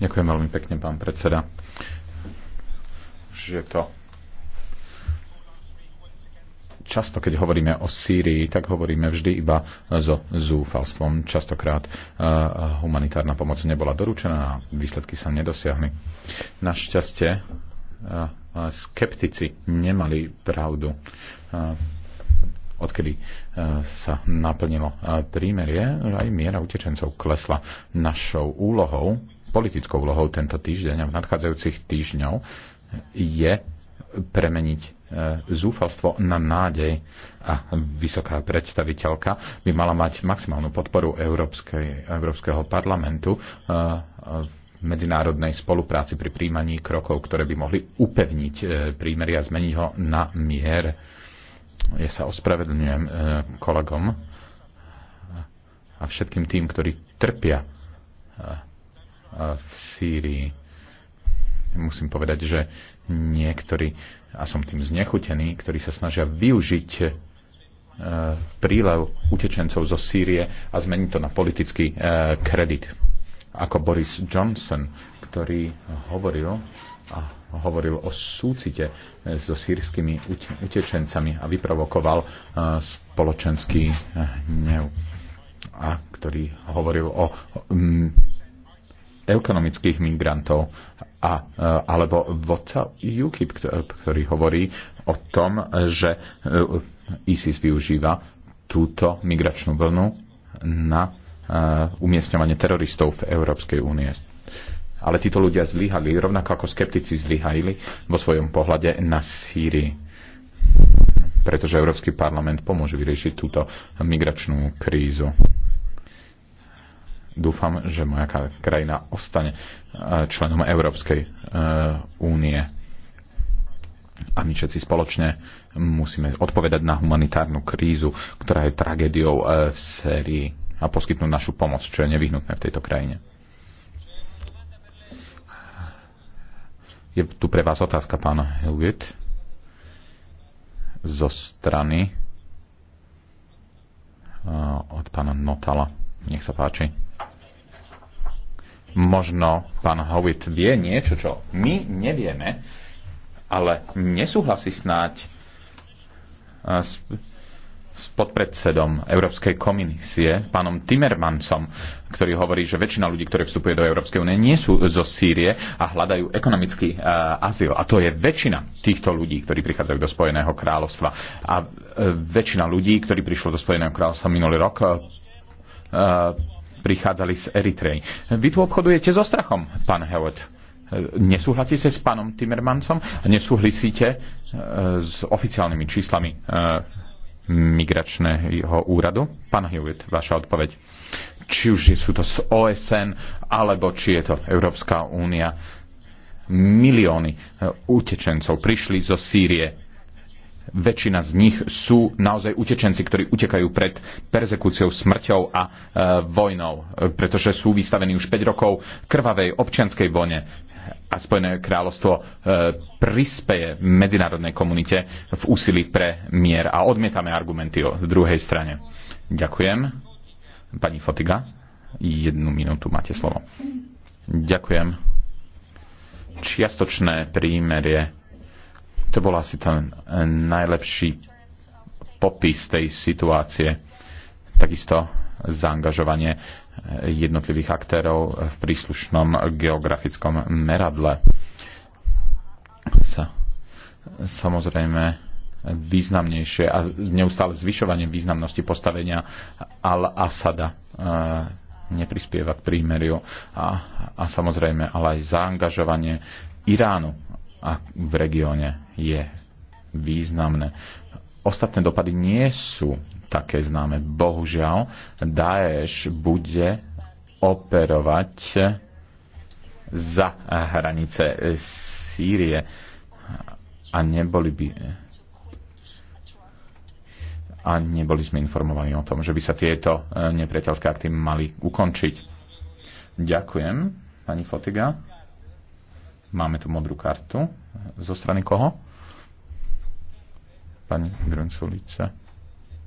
Ďakujem veľmi pekne, pán predseda že to často, keď hovoríme o Sýrii, tak hovoríme vždy iba so zúfalstvom. Častokrát eh, humanitárna pomoc nebola doručená a výsledky sa nedosiahli. Našťastie eh, skeptici nemali pravdu. Eh, odkedy sa naplnilo prímerie, aj miera utečencov klesla. Našou úlohou, politickou úlohou tento týždeň a v nadchádzajúcich týždňov je premeniť e, zúfalstvo na nádej a vysoká predstaviteľka by mala mať maximálnu podporu Európskej, Európskeho parlamentu e, e, v medzinárodnej spolupráci pri príjmaní krokov, ktoré by mohli upevniť prímery a zmeniť ho na mier. Ja sa ospravedlňujem kolegom a všetkým tým, ktorí trpia v Sýrii musím povedať, že niektorí, a som tým znechutený, ktorí sa snažia využiť e, prílev utečencov zo Sýrie a zmeniť to na politický e, kredit. Ako Boris Johnson, ktorý hovoril a hovoril o súcite e, so sírskymi utečencami a vyprovokoval spoločenský hnev a ktorý hovoril o ekonomických migrantov a, eh, alebo vodca UKIP, ktorý hovorí o tom, že eh, ISIS využíva túto migračnú vlnu na eh, umiestňovanie teroristov v Európskej únie. Ale títo ľudia zlyhali, rovnako ako skeptici zlyhali vo svojom pohľade na Sýrii. Pretože Európsky parlament pomôže vyriešiť túto migračnú krízu dúfam, že moja krajina ostane e, členom Európskej e, únie. A my všetci spoločne musíme odpovedať na humanitárnu krízu, ktorá je tragédiou e, v sérii a poskytnúť našu pomoc, čo je nevyhnutné v tejto krajine. Je tu pre vás otázka, pán Helvit, zo strany od pána Notala. Nech sa páči. Možno pán Howitt vie niečo, čo my nevieme, ale nesúhlasí snáď eh, s, s podpredsedom Európskej komisie, pánom Timmermansom, ktorý hovorí, že väčšina ľudí, ktoré vstupuje do Európskej únie, nie sú zo Sýrie a hľadajú ekonomický uh, azyl. A to je väčšina týchto ľudí, ktorí prichádzajú do Spojeného kráľovstva. A uh, väčšina ľudí, ktorí prišlo do Spojeného kráľovstva minulý rok, uh, prichádzali z Eritrej. Vy tu obchodujete so strachom, pán Howard. Nesúhlasíte s pánom Timmermansom a nesúhlasíte e, s oficiálnymi číslami e, migračného úradu? Pán Hewitt, vaša odpoveď. Či už sú to z OSN, alebo či je to Európska únia. Milióny e, utečencov prišli zo Sýrie väčšina z nich sú naozaj utečenci, ktorí utekajú pred persekúciou, smrťou a e, vojnou, pretože sú vystavení už 5 rokov krvavej občianskej vojne a Spojené kráľovstvo e, prispeje medzinárodnej komunite v úsilí pre mier a odmietame argumenty o druhej strane. Ďakujem. Pani Fotiga, jednu minútu máte slovo. Ďakujem. Čiastočné prímerie to bol asi ten eh, najlepší popis tej situácie. Takisto zaangažovanie eh, jednotlivých aktérov v príslušnom geografickom meradle. Sa, samozrejme, významnejšie a neustále zvyšovanie významnosti postavenia Al-Asada eh, neprispieva k prímeriu a, a samozrejme ale aj zaangažovanie Iránu a v regióne je významné. Ostatné dopady nie sú také známe. Bohužiaľ, Daesh bude operovať za hranice Sýrie a neboli by a neboli sme informovaní o tom, že by sa tieto eh, nepriateľské akty mali ukončiť. Ďakujem, pani Fotiga. Máme tu modrú kartu. Zo strany koho? Pani Grunculice.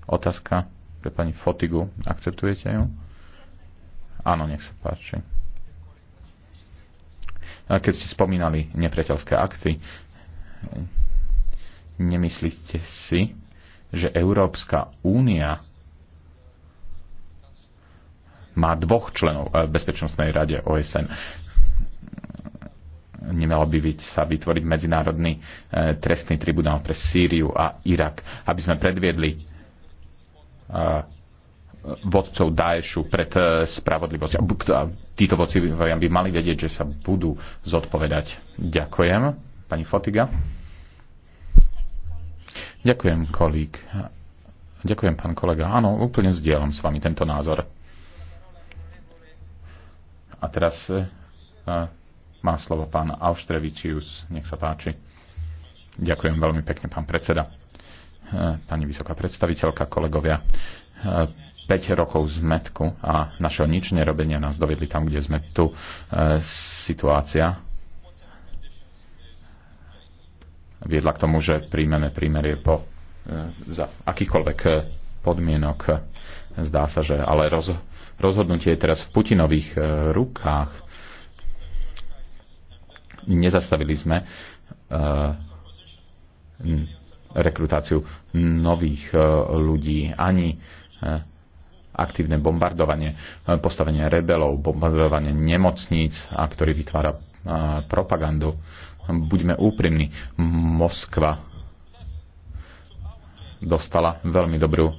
Otázka pre pani Fotigu. Akceptujete ju? Áno, nech sa páči. Keď ste spomínali nepriateľské akty, nemyslíte si, že Európska únia má dvoch členov v eh, Bezpečnostnej rade OSN nemalo by byť, sa vytvoriť medzinárodný e, trestný tribunál pre Sýriu a Irak, aby sme predviedli e, vodcov Daešu pred e, spravodlivosťou. Títo vodci by mali vedieť, že sa budú zodpovedať. Ďakujem. Pani Fotiga. Ďakujem, kolík. Ďakujem, pán kolega. Áno, úplne zdieľam s vami tento názor. A teraz má slovo pán Auštrevičius. Nech sa páči. Ďakujem veľmi pekne, pán predseda. E, pani vysoká predstaviteľka, kolegovia. 5 e, rokov zmetku a našeho nič nerobenia nás dovedli tam, kde sme tu. E, situácia viedla k tomu, že príjmeme prímerie po za akýkoľvek podmienok. Zdá sa, že ale roz, rozhodnutie je teraz v Putinových rukách nezastavili sme eh, rekrutáciu nových eh, ľudí, ani eh, aktívne bombardovanie, postavenie rebelov, bombardovanie nemocníc, a ktorý vytvára propagandu. Buďme úprimní, Moskva dostala veľmi dobrú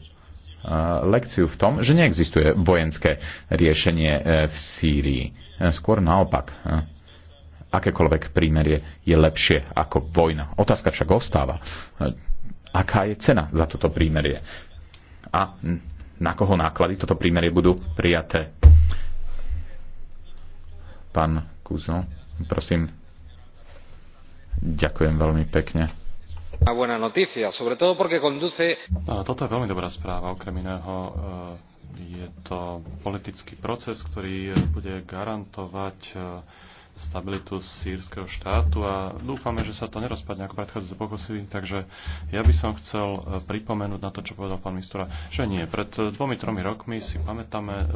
lekciu v tom, že neexistuje vojenské riešenie v Sýrii. Skôr naopak akékoľvek prímerie je lepšie ako vojna. Otázka však ostáva, eh, aká je cena za toto prímerie a na koho náklady toto prímerie budú prijaté. Pán Kuzo, prosím. Ďakujem veľmi pekne. Toto je veľmi dobrá správa, okrem iného eh, je to politický proces, ktorý bude garantovať eh, stabilitu sírskeho štátu a dúfame, že sa to nerozpadne ako predchádzajúce pokusy. Takže ja by som chcel e, pripomenúť na to, čo povedal pán Mistura, že nie. Pred e, dvomi, tromi rokmi si pamätáme e,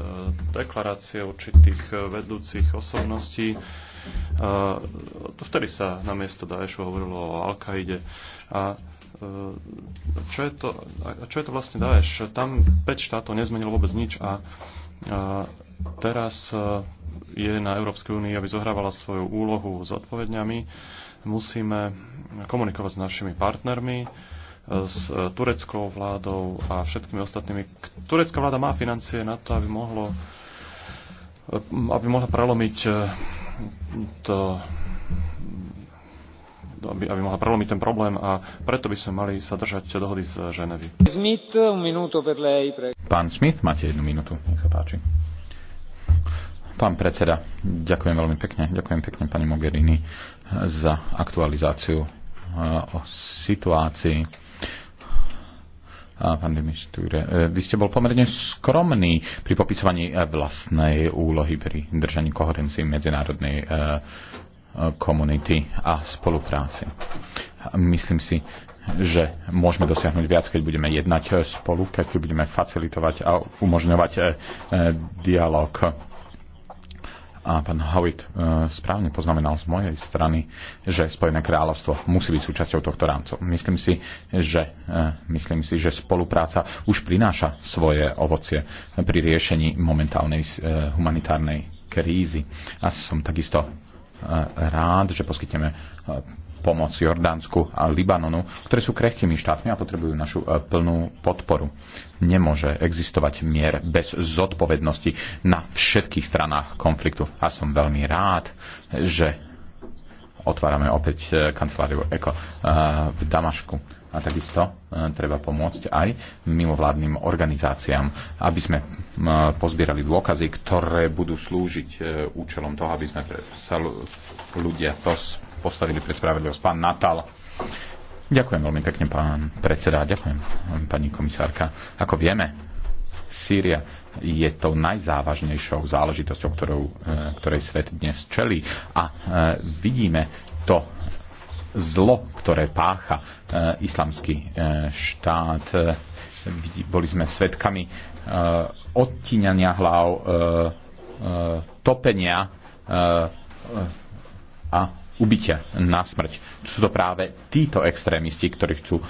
deklarácie určitých vedúcich osobností. Vtedy sa na miesto Daešu hovorilo o Al-Kaide. A čo je, to, čo je to vlastne Daesh? Tam 5 štátov nezmenilo vôbec nič a teraz je na Európskej únii, aby zohrávala svoju úlohu s odpovedňami. Musíme komunikovať s našimi partnermi, s e, tureckou vládou a všetkými ostatnými. Turecká vláda má financie na to, aby, mohlo, e, aby mohla prelomiť e, to aby, aby mohla prelomiť ten problém a preto by sme mali sa držať dohody z Ženevy. Pán Smith, máte jednu minútu, nech sa páči. Pán predseda, ďakujem veľmi pekne. Ďakujem pekne pani Mogherini za aktualizáciu o situácii. A pán Demištúre, e, vy ste bol pomerne skromný pri popisovaní e, vlastnej úlohy pri držaní koherencii medzinárodnej e, komunity a spolupráci. Myslím si, že môžeme dosiahnuť viac, keď budeme jednať spolu, keď budeme facilitovať a umožňovať dialog a pán Howitt e, správne poznamenal z mojej strany, že Spojené kráľovstvo musí byť súčasťou tohto rámcu. Myslím si, že, e, myslím si, že spolupráca už prináša svoje ovocie pri riešení momentálnej e, humanitárnej krízy. A som takisto rád, že poskytneme pomoc Jordánsku a Libanonu, ktoré sú krehkými štátmi a potrebujú našu e, plnú podporu. Nemôže existovať mier bez zodpovednosti na všetkých stranách konfliktu. A som veľmi rád, že otvárame opäť e, kanceláriu ECO e, v Damašku. A takisto treba pomôcť aj mimovládnym organizáciám, aby sme pozbierali dôkazy, ktoré budú slúžiť účelom toho, aby sme sa ľudia to postavili pre spravedlivosť. Pán Natal. Ďakujem veľmi pekne, pán predseda. Ďakujem, pani komisárka. Ako vieme, Sýria je tou najzávažnejšou záležitosťou, ktorou, e, ktorej svet dnes čelí. A e, vidíme to zlo, ktoré pácha e, islamský štát. Boli sme svetkami odtíňania hlav, topenia a ubytia na smrť. Sú to práve títo extrémisti, ktorí chcú eh,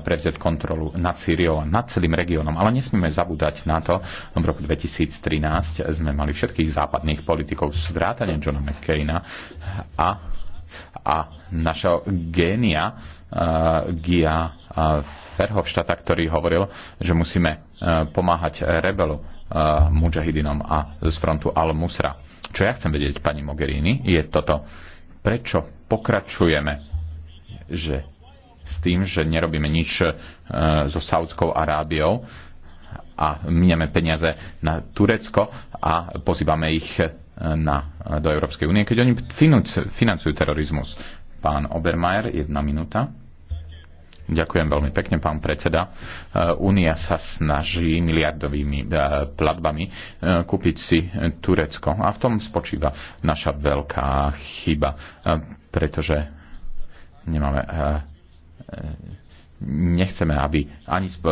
prevziať kontrolu nad Syriou a nad celým regiónom. Ale nesmíme zabúdať na to, v roku 2013 sme mali všetkých západných politikov s vrátaním Johna McCaina a, a našeho génia uh, Gia Ferhovštata, eh, ktorý hovoril, že musíme pomáhať rebelu mujahidinom a z frontu Al-Musra. Čo ja chcem vedieť, pani Mogherini, je toto prečo pokračujeme že s tým, že nerobíme nič e, so Saudskou Arábiou a minieme peniaze na Turecko a pozývame ich e, na, do Európskej únie, keď oni financujú terorizmus. Pán Obermajer, jedna minúta. Ďakujem veľmi pekne, pán predseda. Eh, Únia sa snaží miliardovými eh, platbami eh, kúpiť si Turecko. A v tom spočíva naša veľká chyba, pretože nemáme nechceme, aby ani z,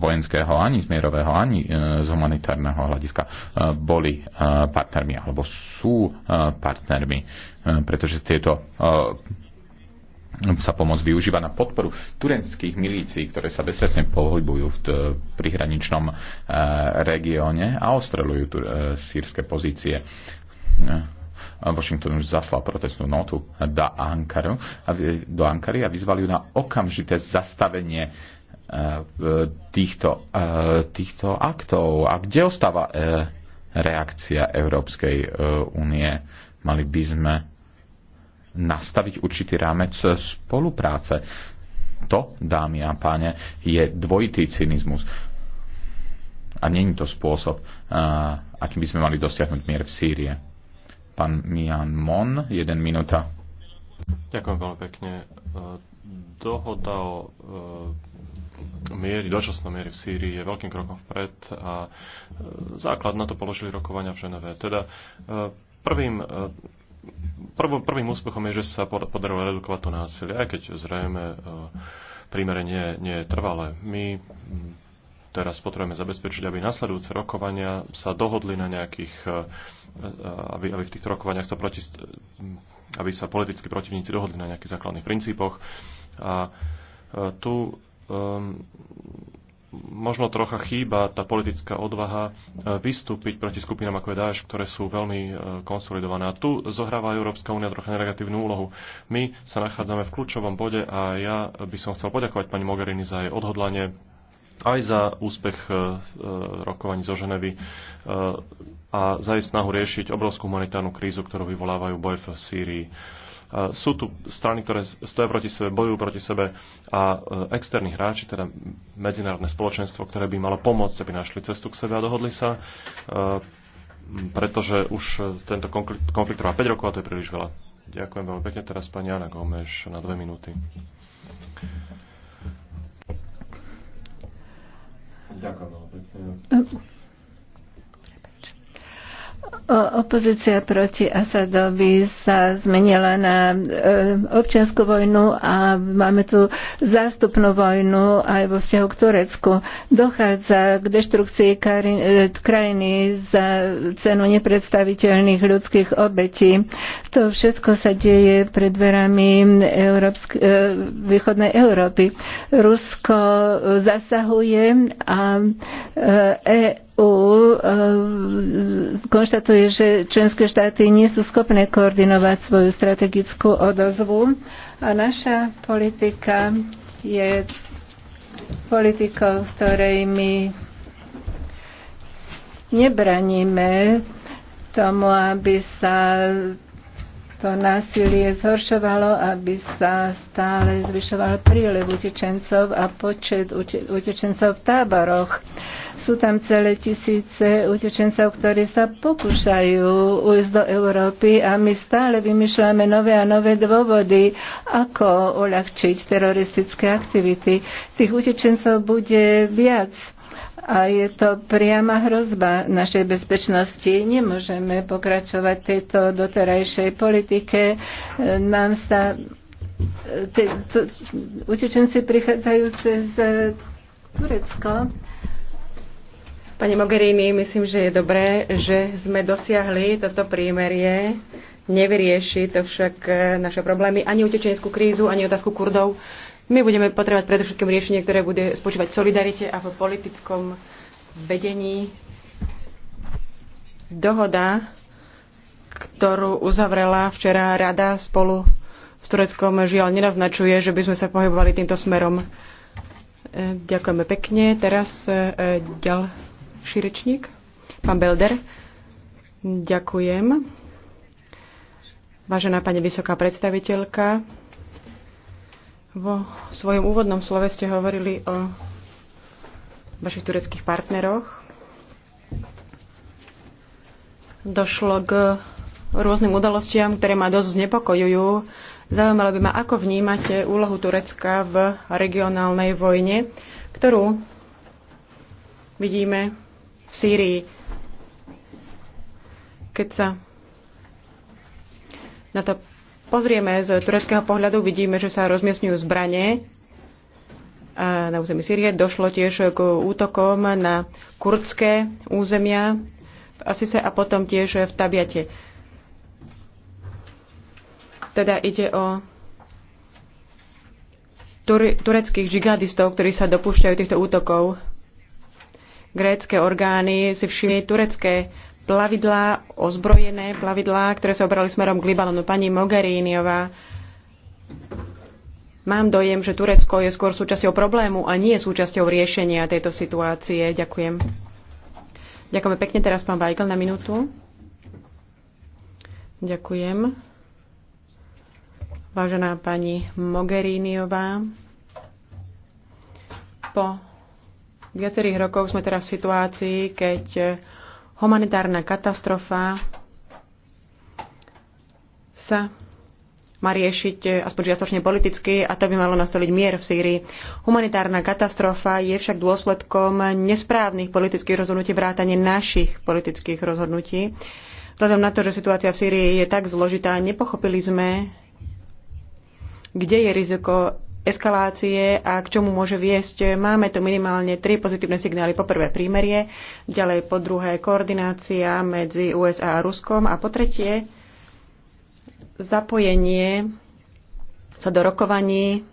vojenského, ani z mierového, ani z humanitárneho hľadiska boli partnermi alebo sú partnermi, pretože tieto sa pomoc využíva na podporu turenských milícií, ktoré sa bezpečne pohybujú v prihraničnom e, regióne a ostrelujú tu, e, sírske pozície. E, Washington už zaslal protestnú notu do Ankaru, do Ankary a vyzvali ju na okamžité zastavenie e, týchto, e, týchto aktov. A kde ostáva reakcia Európskej únie? Mali by sme nastaviť určitý rámec spolupráce. To, dámy a páne, je dvojitý cynizmus. A není to spôsob, akým by sme mali dosiahnuť mier v Sýrie. Pán Mian Mon, jeden minúta. Ďakujem veľmi pekne. E, dohoda o e, miery, dočasnom miery v Sýrii je veľkým krokom vpred a e, základ na to položili rokovania v Ženeve. Teda prvým prv, prvým úspechom je, že sa podarilo redukovať to násilie, aj keď zrejme e, prímere nie, nie je trvalé. My teraz potrebujeme zabezpečiť, aby nasledujúce rokovania sa dohodli na nejakých, e, e, aby, aby v týchto rokovaniach sa proti, aby sa politickí protivníci dohodli na nejakých základných princípoch. A tu um, možno trocha chýba tá politická odvaha e, vystúpiť proti skupinám ako je Dáš, ktoré sú veľmi e, konsolidované. A tu zohráva Európska únia trocha negatívnu úlohu. My sa nachádzame v kľúčovom bode a ja by som chcel poďakovať pani Mogherini za jej odhodlanie aj za úspech e, rokovaní zo Ženevy a za jej snahu riešiť obrovskú humanitárnu krízu, ktorú vyvolávajú boje v Sýrii. Sú tu strany, ktoré stoja proti sebe, bojujú proti sebe a e, externí hráči, teda medzinárodné spoločenstvo, ktoré by malo pomôcť, aby našli cestu k sebe a dohodli sa, e, pretože už e, tento konflikt, trvá 5 rokov a to je príliš veľa. Ďakujem veľmi pekne. Teraz pani Jana Gomeš na dve minúty. Ďakujem veľmi pekne opozícia proti Asadovi sa zmenila na e, občiansku vojnu a máme tu zástupnú vojnu aj vo vzťahu k Turecku. Dochádza k deštrukcii e, krajiny za cenu nepredstaviteľných ľudských obetí. To všetko sa deje pred dverami Európsk- e, východnej Európy. Rusko zasahuje a e, EÚ konštatuje, že členské štáty nie sú schopné koordinovať svoju strategickú odozvu a naša politika je politikou, v ktorej my nebraníme tomu, aby sa to násilie zhoršovalo, aby sa stále zvyšoval prílev utečencov a počet utečencov v táboroch sú tam celé tisíce utečencov, ktorí sa pokúšajú ujsť do Európy a my stále vymýšľame nové a nové dôvody, ako uľahčiť teroristické aktivity. Tých utečencov bude viac a je to priama hrozba našej bezpečnosti. Nemôžeme pokračovať tejto doterajšej politike. Nám sa e, utečenci prichádzajú cez e, Turecko Pani Mogherini, myslím, že je dobré, že sme dosiahli toto prímerie. Nevyrieši to však e, naše problémy, ani utečenskú krízu, ani otázku Kurdov. My budeme potrebovať predovšetkým riešenie, ktoré bude spočívať v solidarite a v politickom vedení. Dohoda, ktorú uzavrela včera rada spolu s Tureckom, žiaľ nenaznačuje, že by sme sa pohybovali týmto smerom. E, ďakujeme pekne. Teraz e, ďal, Širečník, pán Belder. Ďakujem. Vážená pani vysoká predstaviteľka, vo svojom úvodnom slove ste hovorili o vašich tureckých partneroch. Došlo k rôznym udalostiam, ktoré ma dosť znepokojujú. Zaujímalo by ma, ako vnímate úlohu Turecka v regionálnej vojne, ktorú vidíme v Sýrii. Keď sa na to pozrieme z tureckého pohľadu, vidíme, že sa rozmiestňujú zbranie na území Sýrie. Došlo tiež k útokom na kurdské územia v Asise a potom tiež v Tabiate. Teda ide o tureckých žigadistov, ktorí sa dopúšťajú týchto útokov Grécké orgány si všimli turecké plavidlá, ozbrojené plavidlá, ktoré sa obrali smerom k Libanonu. Pani Mogheriniová, mám dojem, že Turecko je skôr súčasťou problému a nie súčasťou riešenia tejto situácie. Ďakujem. Ďakujeme pekne. Teraz pán Vajgl na minútu. Ďakujem. Vážená pani Mogheriniová, po viacerých rokov sme teraz v situácii, keď e, humanitárna katastrofa sa má riešiť e, aspoň čiastočne politicky a to by malo nastoliť mier v Sýrii. Humanitárna katastrofa je však dôsledkom nesprávnych politických rozhodnutí vrátane našich politických rozhodnutí. Vzhľadom na to, že situácia v Sýrii je tak zložitá, nepochopili sme, kde je riziko eskalácie a k čomu môže viesť. Máme tu minimálne tri pozitívne signály. Po prvé prímerie, ďalej po druhé koordinácia medzi USA a Ruskom a po tretie zapojenie sa do rokovaní,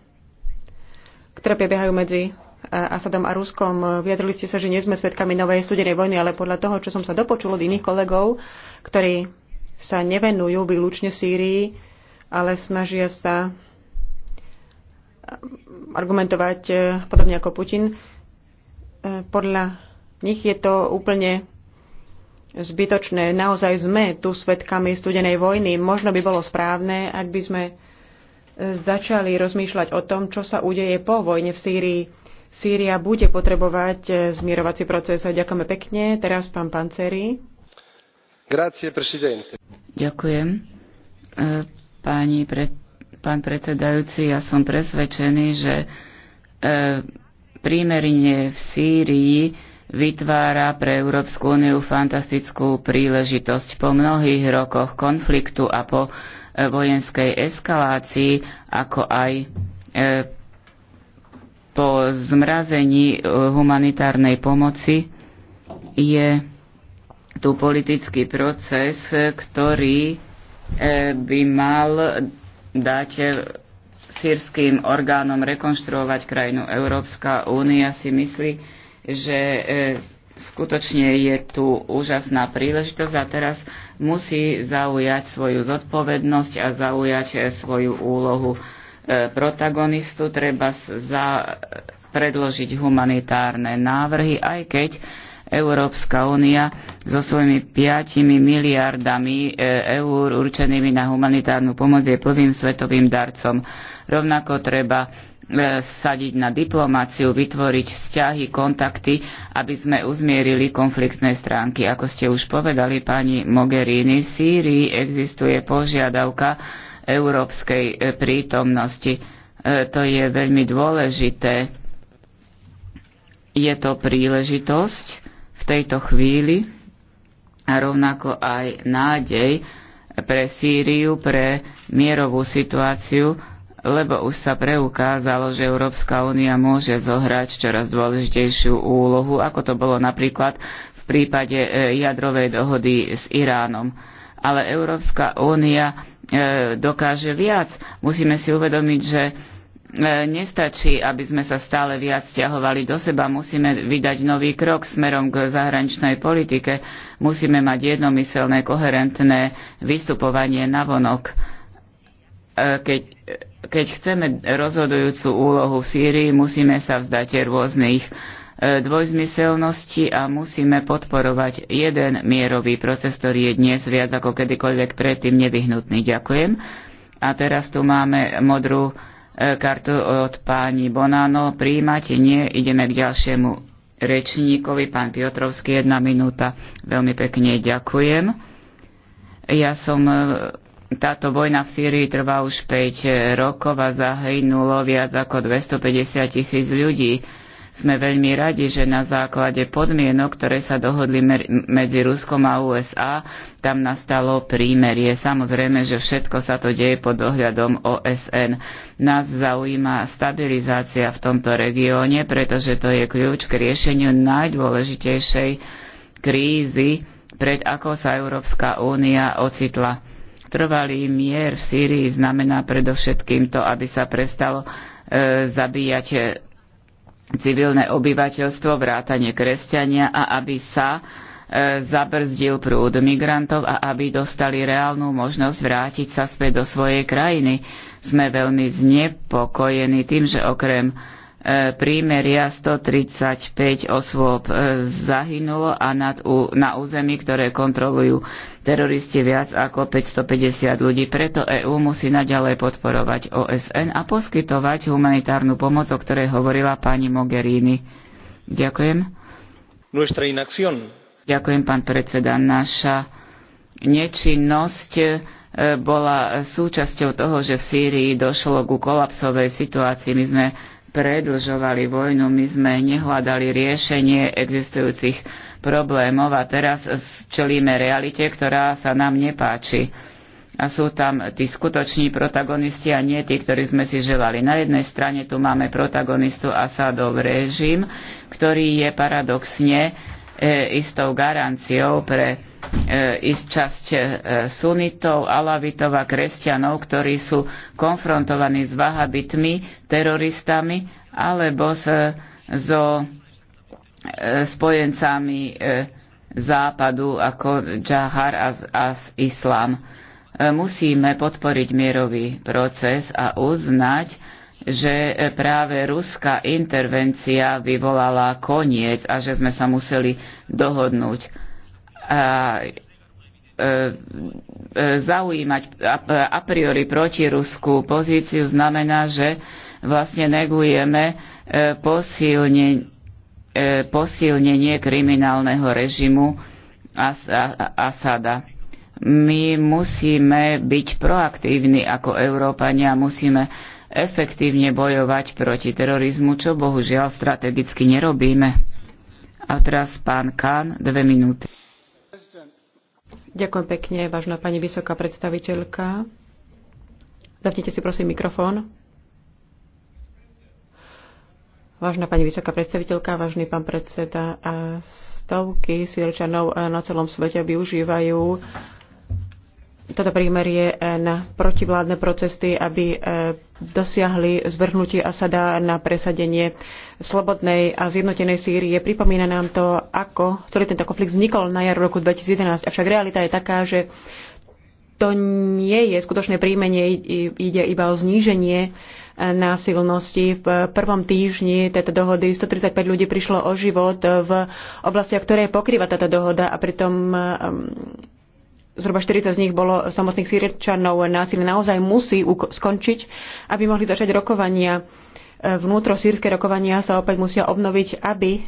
ktoré prebiehajú medzi eh, Asadom a Ruskom. Vyjadrili ste sa, že nie sme svedkami novej studenej vojny, ale podľa toho, čo som sa dopočul od iných kolegov, ktorí sa nevenujú výlučne Sýrii, ale snažia sa argumentovať e, podobne ako Putin. E, podľa nich je to úplne zbytočné. Naozaj sme tu svetkami studenej vojny. Možno by bolo správne, ak by sme e, začali rozmýšľať o tom, čo sa udeje po vojne v Sýrii. Sýria bude potrebovať zmierovací proces. Ďakujeme pekne. Teraz pán Panceri. Grazie, presidente. Ďakujem. Pani pred Pán predsedajúci, ja som presvedčený, že e, prímerenie v Sýrii vytvára pre Európsku úniu fantastickú príležitosť. Po mnohých rokoch konfliktu a po e, vojenskej eskalácii, ako aj e, po zmrazení e, humanitárnej pomoci, je tu politický proces, ktorý e, by mal dáte sírským orgánom rekonštruovať krajinu. Európska únia si myslí, že e, skutočne je tu úžasná príležitosť a teraz musí zaujať svoju zodpovednosť a zaujať e, svoju úlohu e, protagonistu. Treba za, predložiť humanitárne návrhy, aj keď Európska únia so svojimi 5 miliardami e, eur určenými na humanitárnu pomoc je prvým svetovým darcom. Rovnako treba e, sadiť na diplomáciu, vytvoriť vzťahy, kontakty, aby sme uzmierili konfliktné stránky. Ako ste už povedali, pani Mogherini, v Sýrii existuje požiadavka európskej e, prítomnosti. To je veľmi dôležité. Je to príležitosť, tejto chvíli a rovnako aj nádej pre Sýriu, pre mierovú situáciu, lebo už sa preukázalo, že Európska únia môže zohrať čoraz dôležitejšiu úlohu, ako to bolo napríklad v prípade e, jadrovej dohody s Iránom. Ale Európska únia e, dokáže viac. Musíme si uvedomiť, že E, nestačí, aby sme sa stále viac stiahovali do seba. Musíme vydať nový krok smerom k zahraničnej politike. Musíme mať jednomyselné, koherentné vystupovanie navonok. E, keď, keď chceme rozhodujúcu úlohu v Sýrii, musíme sa vzdať rôznych e, dvojzmyselnosti a musíme podporovať jeden mierový proces, ktorý je dnes viac ako kedykoľvek predtým nevyhnutný. Ďakujem. A teraz tu máme modrú E, kartu od páni Bonano. Príjmate? Nie. Ideme k ďalšiemu rečníkovi. Pán Piotrovský, jedna minúta. Veľmi pekne ďakujem. Ja som... E, táto vojna v Sýrii trvá už 5 rokov a zahynulo viac ako 250 tisíc ľudí sme veľmi radi, že na základe podmienok, ktoré sa dohodli medzi Ruskom a USA, tam nastalo prímerie. Samozrejme, že všetko sa to deje pod dohľadom OSN. Nás zaujíma stabilizácia v tomto regióne, pretože to je kľúč k riešeniu najdôležitejšej krízy, pred ako sa Európska únia ocitla. Trvalý mier v Sýrii znamená predovšetkým to, aby sa prestalo e, zabíjať civilné obyvateľstvo, vrátanie kresťania a aby sa e, zabrzdil prúd migrantov a aby dostali reálnu možnosť vrátiť sa späť do svojej krajiny. Sme veľmi znepokojení tým, že okrem E, prímeria 135 osôb e, zahynulo a nad, na území, ktoré kontrolujú teroristi viac ako 550 ľudí. Preto EÚ musí naďalej podporovať OSN a poskytovať humanitárnu pomoc, o ktorej hovorila pani Mogherini. Ďakujem. Ďakujem, pán predseda. Naša nečinnosť e, bola súčasťou toho, že v Sýrii došlo ku kolapsovej situácii. My sme predlžovali vojnu, my sme nehľadali riešenie existujúcich problémov a teraz čelíme realite, ktorá sa nám nepáči. A sú tam tí skutoční protagonisti a nie tí, ktorí sme si želali. Na jednej strane tu máme protagonistu Asadov režim, ktorý je paradoxne E, istou garanciou pre ísť e, časť e, sunitov, alavitov a kresťanov, ktorí sú konfrontovaní s vahabitmi, teroristami alebo s, so spojencami západu ako Džahar a, a Islám. Musíme podporiť mierový proces a uznať, že e, práve ruská intervencia vyvolala koniec a že sme sa museli dohodnúť. A, e, e, zaujímať a priori proti ruskú pozíciu znamená, že vlastne negujeme posilne, posilnenie kriminálneho režimu As Asada. My musíme byť proaktívni ako Európania, musíme efektívne bojovať proti terorizmu, čo bohužiaľ strategicky nerobíme. A teraz pán Kán, dve minúty. Ďakujem pekne, vážna pani vysoká predstaviteľka. Zapnite si prosím mikrofón. Vážna pani vysoká predstaviteľka, vážny pán predseda, a stovky sírčanov na celom svete využívajú toto prímerie na protivládne procesy, aby eh, dosiahli zvrhnutie Asada na presadenie slobodnej a zjednotenej Sýrie. Pripomína nám to, ako celý tento konflikt vznikol na jar roku 2011. Avšak realita je taká, že to nie je skutočné príjmenie, ide iba o zníženie e, násilnosti. V prvom týždni tejto dohody 135 ľudí prišlo o život v oblastiach, ktoré pokrýva táto dohoda a pritom e, zhruba 40 z nich bolo samotných Sýrčanov. Násilie naozaj musí skončiť, aby mohli začať rokovania. E, Vnútro sírske rokovania sa opäť musia obnoviť, aby e,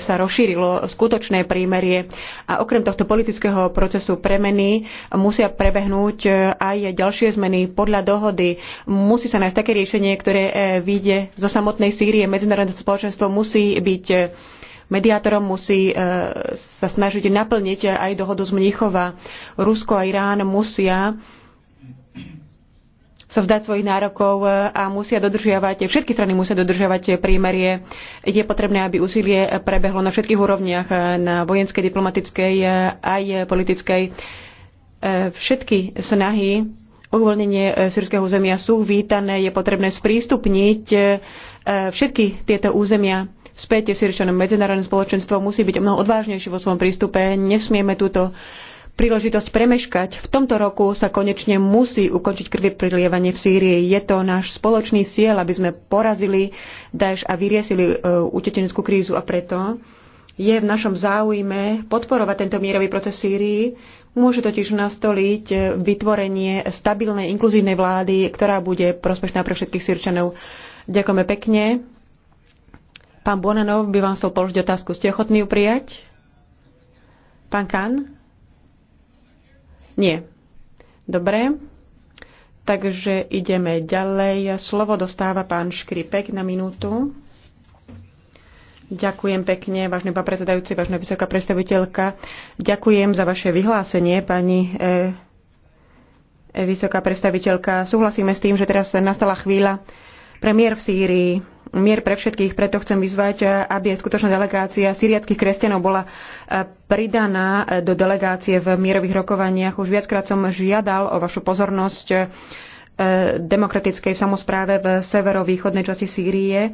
sa rozšírilo skutočné prímerie. A okrem tohto politického procesu premeny musia prebehnúť e, aj ďalšie zmeny podľa dohody. Musí sa nájsť také riešenie, ktoré vyjde zo samotnej Sýrie. Medzinárodné spoločenstvo musí byť Mediátorom musí e, sa snažiť naplniť aj dohodu z Mníchova. Rusko a Irán musia sa vzdať svojich nárokov a musia dodržiavať, všetky strany musia dodržiavať prímerie. Je potrebné, aby úsilie prebehlo na všetkých úrovniach, na vojenskej, diplomatickej aj politickej. E, všetky snahy uvoľnenie e, sírskeho územia sú vítané, je potrebné sprístupniť všetky tieto územia s Sýrčanom. Medzinárodné spoločenstvo musí byť o mnoho odvážnejšie vo svojom prístupe. Nesmieme túto príležitosť premeškať. V tomto roku sa konečne musí ukončiť krvi prilievanie v Sýrii. Je to náš spoločný cieľ, aby sme porazili Daesh a vyriesili e, utečeneckú krízu a preto je v našom záujme podporovať tento mierový proces v Sýrii. Môže totiž nastoliť e, vytvorenie stabilnej, inkluzívnej vlády, ktorá bude prospešná pre všetkých Sýrčanov. Ďakujeme pekne. Pán Bonanov by vám chcel položiť otázku. Ste ochotní ju prijať? Pán Kan? Nie. Dobre. Takže ideme ďalej. Slovo dostáva pán Škripek na minútu. Ďakujem pekne, vážne pán predsedajúci, vážna vysoká predstaviteľka. Ďakujem za vaše vyhlásenie, pani e, e, vysoká predstaviteľka. Súhlasíme s tým, že teraz nastala chvíľa premiér v Sýrii mier pre všetkých, preto chcem vyzvať, aby skutočná delegácia syriackých kresťanov bola e, pridaná e, do delegácie v mierových rokovaniach. Už viackrát som žiadal o vašu pozornosť e, demokratickej samozpráve v severovýchodnej časti Sýrie.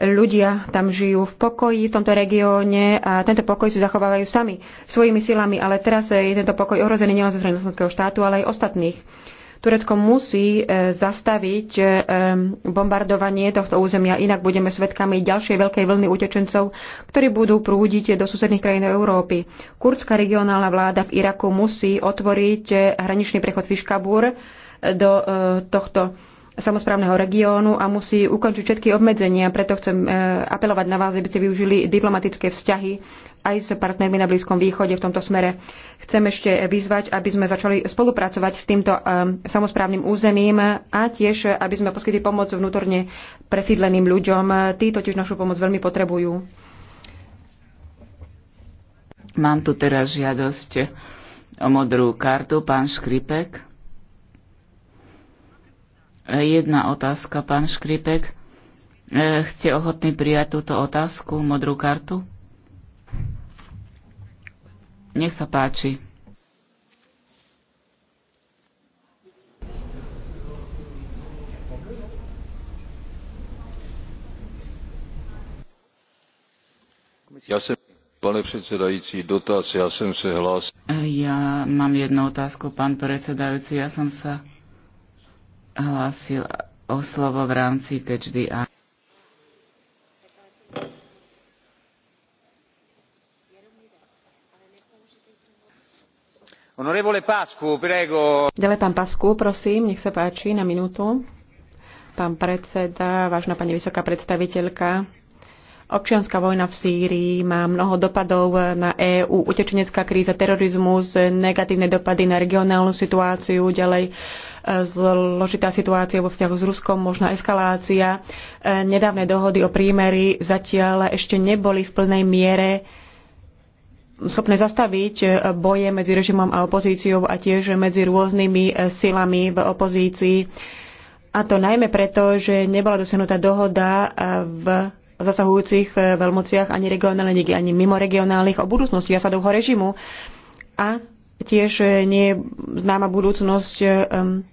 Ľudia tam žijú v pokoji v tomto regióne a tento pokoj si zachovávajú sami svojimi silami, ale teraz je tento pokoj ohrozený nielen zo strany štátu, ale aj ostatných Turecko musí e, zastaviť e, e, bombardovanie tohto územia, inak budeme svedkami ďalšej veľkej vlny utečencov, ktorí budú prúdiť do susedných krajín Európy. Kurdská regionálna vláda v Iraku musí otvoriť hraničný prechod Fiškabúr do tohto samozprávneho regiónu a musí ukončiť všetky obmedzenia. Preto chcem e, apelovať na vás, aby ste využili diplomatické vzťahy aj s partnermi na Blízkom východe v tomto smere. Chcem ešte vyzvať, aby sme začali spolupracovať s týmto e, samozprávnym územím a tiež, aby sme poskytli pomoc vnútorne presídleným ľuďom. Tí totiž našu pomoc veľmi potrebujú. Mám tu teraz žiadosť o modrú kartu, pán Škripek. Jedna otázka, pán Škripek. E, Ste ochotní prijať túto otázku, modrú kartu? Nech sa páči. Ja som, pane predsedajúci, dotaz, ja som sa hlásil. E, ja mám jednu otázku, pán predsedajúci, ja som sa hlásil o slovo v rámci Catch the Eye. Pasku, prego. Ďalej pán Pasku, prosím, nech sa páči na minútu. Pán predseda, vážna pani vysoká predstaviteľka, občianská vojna v Sýrii má mnoho dopadov na EÚ, utečenecká kríza, terorizmus, negatívne dopady na regionálnu situáciu, ďalej zložitá situácia vo vzťahu s Ruskom, možná eskalácia. Nedávne dohody o prímery zatiaľ ešte neboli v plnej miere schopné zastaviť boje medzi režimom a opozíciou a tiež medzi rôznymi silami v opozícii. A to najmä preto, že nebola dosiahnutá dohoda v zasahujúcich veľmociach ani regionálnych, ani mimoregionálnych o budúcnosti Asadovho režimu. A tiež nie je známa budúcnosť um,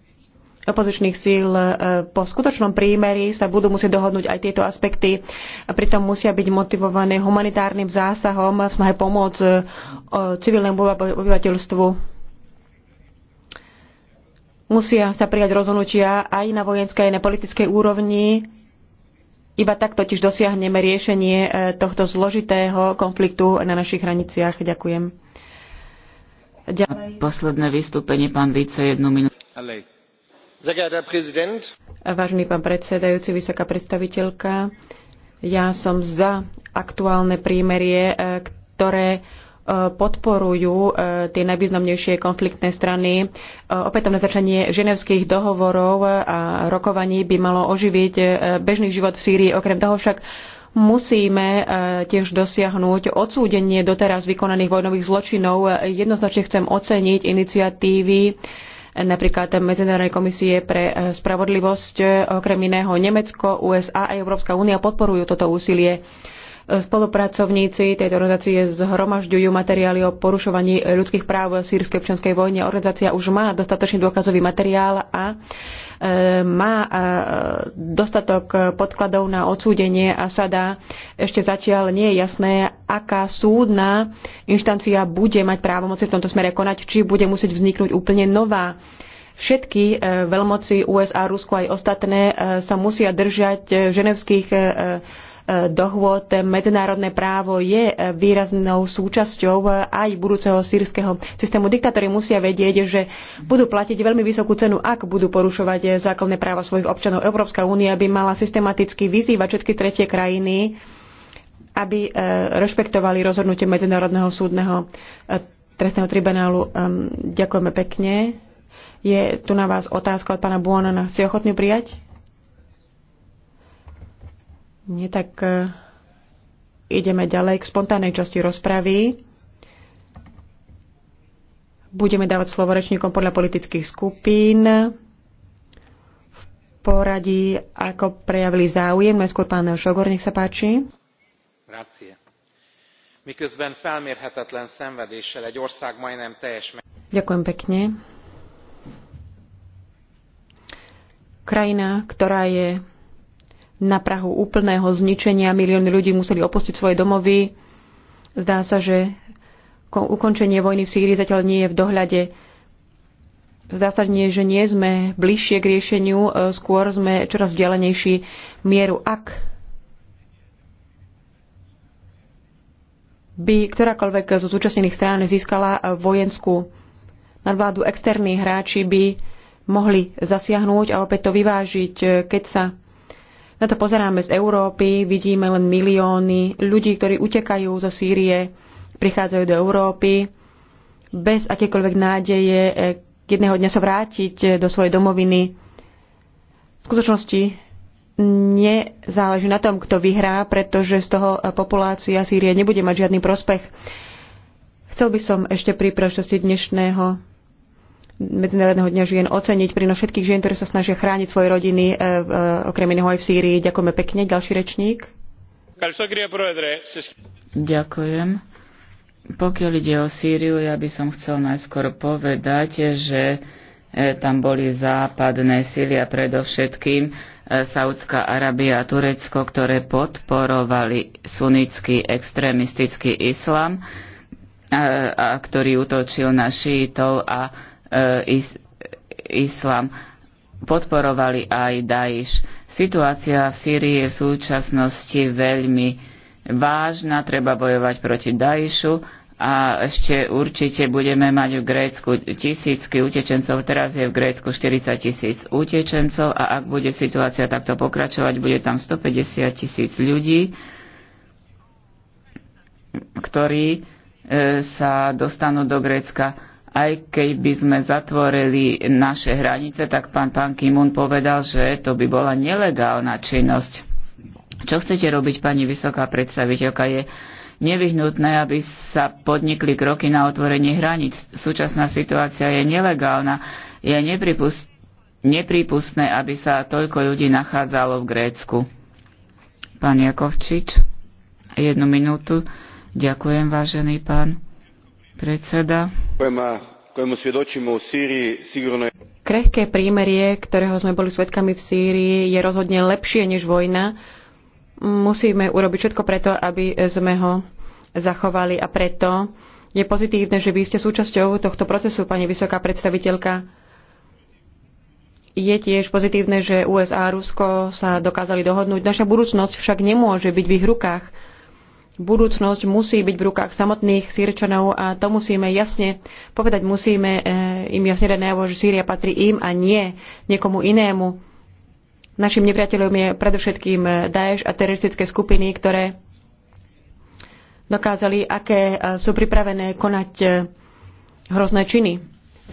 opozičných síl uh, po skutočnom prímeri sa budú musieť dohodnúť aj tieto aspekty a pritom musia byť motivované humanitárnym zásahom v snahe pomôcť uh, civilnému obyvateľstvu. Musia sa prijať rozhodnutia aj na vojenskej, aj na politickej úrovni. Iba tak totiž dosiahneme riešenie uh, tohto zložitého konfliktu na našich hraniciach. Ďakujem. Ďalej. Posledné vystúpenie, pán Vice, jednu minútu. Vážený pán predsedajúci, vysoká predstaviteľka, ja som za aktuálne prímerie, e, ktoré e, podporujú e, tie najvýznamnejšie konfliktné strany. Opätovné začanie ženevských dohovorov a rokovaní by malo oživiť bežný život v Sýrii. Okrem toho však musíme e, tiež dosiahnuť odsúdenie doteraz vykonaných vojnových zločinov. Jednoznačne chcem oceniť iniciatívy e, napríklad Medzinárodnej komisie pre e, spravodlivosť, okrem iného Nemecko, USA a Európska únia podporujú toto úsilie. Spolupracovníci tejto organizácie zhromažďujú materiály o porušovaní ľudských práv v sírskej občianskej vojne. Organizácia už má dostatočný dôkazový materiál a má e, dostatok podkladov na odsúdenie Asada. Ešte zatiaľ nie je jasné, aká súdna inštancia bude mať právomoci v tomto smere konať, či bude musieť vzniknúť úplne nová. Všetky e, veľmoci USA, Rusko aj ostatné e, sa musia držať ženevských dohôd. Medzinárodné právo je e, výraznou súčasťou e, aj budúceho sírskeho systému. Diktátori musia vedieť, že budú platiť veľmi vysokú cenu, ak budú porušovať e, základné práva svojich občanov. Európska únia by mala systematicky vyzývať všetky tretie krajiny, aby rešpektovali rozhodnutie Medzinárodného súdneho trestného tribunálu. Ďakujeme pekne. Je tu na vás otázka od pána Buonana. Ste ochotní prijať? Nie, tak e, ideme ďalej k spontánnej časti rozpravy. Budeme dávať slovo rečníkom podľa politických skupín v poradí, ako prejavili záujem. Najskôr pán Šogor, nech sa páči. Grazie. Miközben felmérhetetlen szenvedéssel egy ország majdnem teljes... Ďakujem pekne. Krajina, ktorá je na Prahu úplného zničenia. Milióny ľudí museli opustiť svoje domovy. Zdá sa, že ukončenie vojny v Sýrii zatiaľ nie je v dohľade. Zdá sa, že nie sme bližšie k riešeniu, e, skôr sme čoraz vzdialenejší mieru. Ak by ktorákoľvek zo zúčastnených strán získala e, vojenskú nadvládu, externí hráči by mohli zasiahnuť a opäť to vyvážiť, e, keď sa na to pozeráme z Európy, vidíme len milióny ľudí, ktorí utekajú zo Sýrie, prichádzajú do Európy bez akékoľvek nádeje e, jedného dňa sa vrátiť e, do svojej domoviny. V skutočnosti nezáleží na tom, kto vyhrá, pretože z toho e, populácia Sýrie nebude mať žiadny prospech. Chcel by som ešte pri príležitosti dnešného Medzinárodného dňa žien oceniť prínos všetkých žien, ktoré sa snažia chrániť svoje rodiny, e, e, okrem iného aj v Sýrii. Ďakujeme pekne. Ďalší rečník. Ďakujem. Pokiaľ ide o Sýriu, ja by som chcel najskôr povedať, že e, tam boli západné síly a predovšetkým Saudská Arábia a Turecko, ktoré podporovali sunnický extrémistický islam, a, a ktorý utočil na šítov a Eh, is, islam. Podporovali aj Daesh. Situácia v Sýrii je v súčasnosti veľmi vážna, treba bojovať proti Daešu a ešte určite budeme mať v Grécku tisícky utečencov, teraz je v Grécku 40 tisíc utečencov a ak bude situácia takto pokračovať, bude tam 150 tisíc ľudí, ktorí e, sa dostanú do Grécka aj keď by sme zatvorili naše hranice, tak pán Pán Kimun povedal, že to by bola nelegálna činnosť. Čo chcete robiť, pani vysoká predstaviteľka? Je nevyhnutné, aby sa podnikli kroky na otvorenie hraníc. Súčasná situácia je nelegálna. Je nepripust- nepripustné, aby sa toľko ľudí nachádzalo v Grécku. Pán Jakovčič, jednu minútu. Ďakujem, vážený pán Predseda. Krehké prímerie, ktorého sme boli svedkami v Sýrii, je rozhodne lepšie než vojna. Musíme urobiť všetko preto, aby sme ho zachovali a preto je pozitívne, že vy ste súčasťou tohto procesu, pani vysoká predstaviteľka. Je tiež pozitívne, že USA a Rusko sa dokázali dohodnúť. Naša budúcnosť však nemôže byť v ich rukách budúcnosť musí byť v rukách samotných Sýrčanov a to musíme jasne povedať, musíme eh, im jasne dať najavo, že Sýria patrí im a nie niekomu inému. Našim nepriateľom je predovšetkým eh, Daesh a teroristické skupiny, ktoré dokázali, aké eh, sú pripravené konať hrozné činy.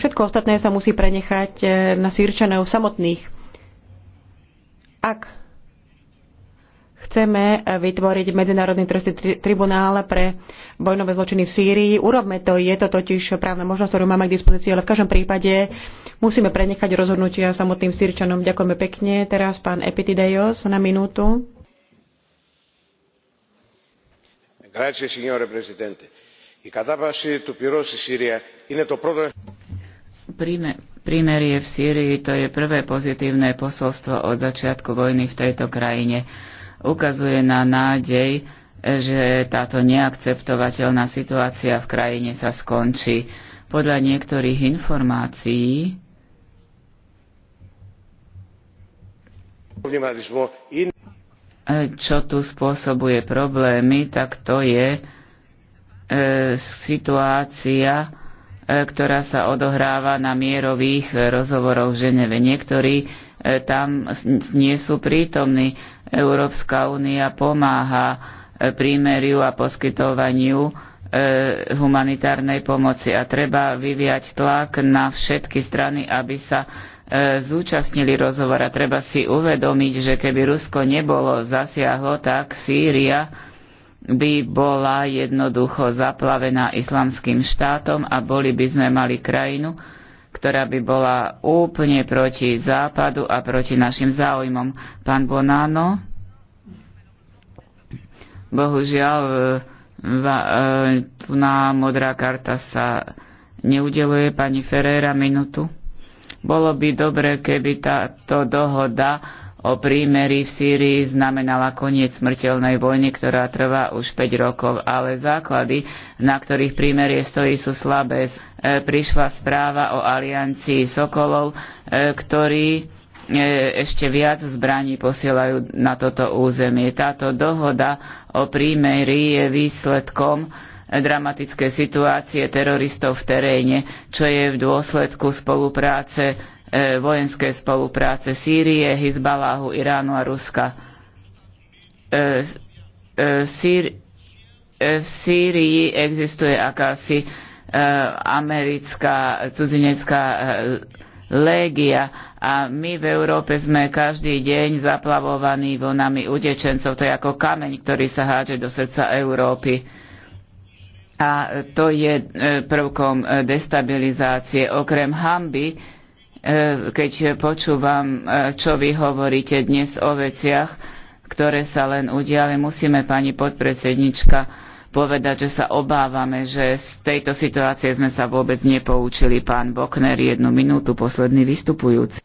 Všetko ostatné sa musí prenechať na sírčanov samotných. Ak Chceme vytvoriť Medzinárodný trestný tribunál pre vojnové zločiny v Sýrii. Urobme to, je to totiž právna možnosť, ktorú máme k dispozícii, ale v každom prípade musíme prenechať rozhodnutia samotným Sýrčanom. Ďakujeme pekne. Teraz pán Epitideios na minútu. Grazie, signore presidente. Η κατάβαση του πυρός στη Συρία είναι το πρώτο... Prímerie v Sýrii to je prvé pozitívne posolstvo od začiatku vojny v tejto krajine ukazuje na nádej, že táto neakceptovateľná situácia v krajine sa skončí. Podľa niektorých informácií čo tu spôsobuje problémy, tak to je e, situácia, e, ktorá sa odohráva na mierových e, rozhovoroch v Ženeve. Niektorí tam nie sú prítomní. Európska únia pomáha e, prímeriu a poskytovaniu e, humanitárnej pomoci a treba vyviať tlak na všetky strany, aby sa e, zúčastnili rozhovora. Treba si uvedomiť, že keby Rusko nebolo zasiahlo, tak Sýria by bola jednoducho zaplavená islamským štátom a boli by sme mali krajinu, ktorá by bola úplne proti západu a proti našim záujmom. Pán Bonano, bohužiaľ, e, e, na modrá karta sa neudeluje pani Ferreira minútu. Bolo by dobre, keby táto dohoda o prímeri v Sýrii znamenala koniec smrteľnej vojny, ktorá trvá už 5 rokov, ale základy, na ktorých prímerie stojí, sú slabé. E, prišla správa o aliancii Sokolov, e, ktorí e, ešte viac zbraní posielajú na toto územie. Táto dohoda o prímeri je výsledkom dramatické situácie teroristov v teréne, čo je v dôsledku spolupráce E, vojenskej spolupráce Sýrie, Hizbaláhu, Iránu a Ruska. E, e, v Sýrii existuje akási americká cudzinecká légia a my v Európe sme každý deň zaplavovaní vlnami utečencov. To je ako kameň, ktorý sa hádže do srdca Európy. A to je prvkom destabilizácie. Okrem hamby keď počúvam, e, čo vy hovoríte dnes o veciach, ktoré sa len udiali. Musíme, pani podpredsednička, povedať, že sa obávame, že z tejto situácie sme sa vôbec nepoučili. Pán Bokner, jednu minútu, posledný vystupujúci.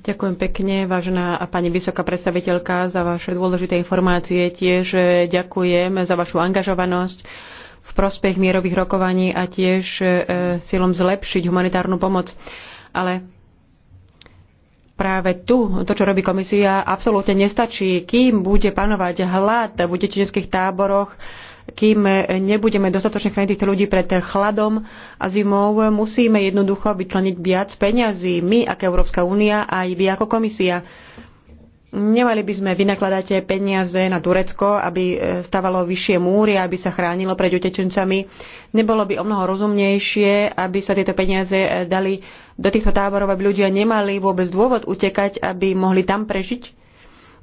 Ďakujem pekne, vážená pani vysoká predstaviteľka, za vaše dôležité informácie. Tiež e, ďakujem za vašu angažovanosť prospech mierových rokovaní a tiež e, silom zlepšiť humanitárnu pomoc. Ale práve tu, to, čo robí komisia, absolútne nestačí. Kým bude panovať hlad v utečeneckých táboroch, kým nebudeme dostatočne chrániť týchto ľudí pred chladom a zimou, musíme jednoducho vyčleniť viac peňazí. My, ako Európska únia, aj vy ako komisia. Nemali by sme vynakladať peniaze na Turecko, aby e, stavalo vyššie múry, aby sa chránilo pred utečencami. Nebolo by o mnoho rozumnejšie, aby sa tieto peniaze e, dali do týchto táborov, aby ľudia nemali vôbec dôvod utekať, aby mohli tam prežiť.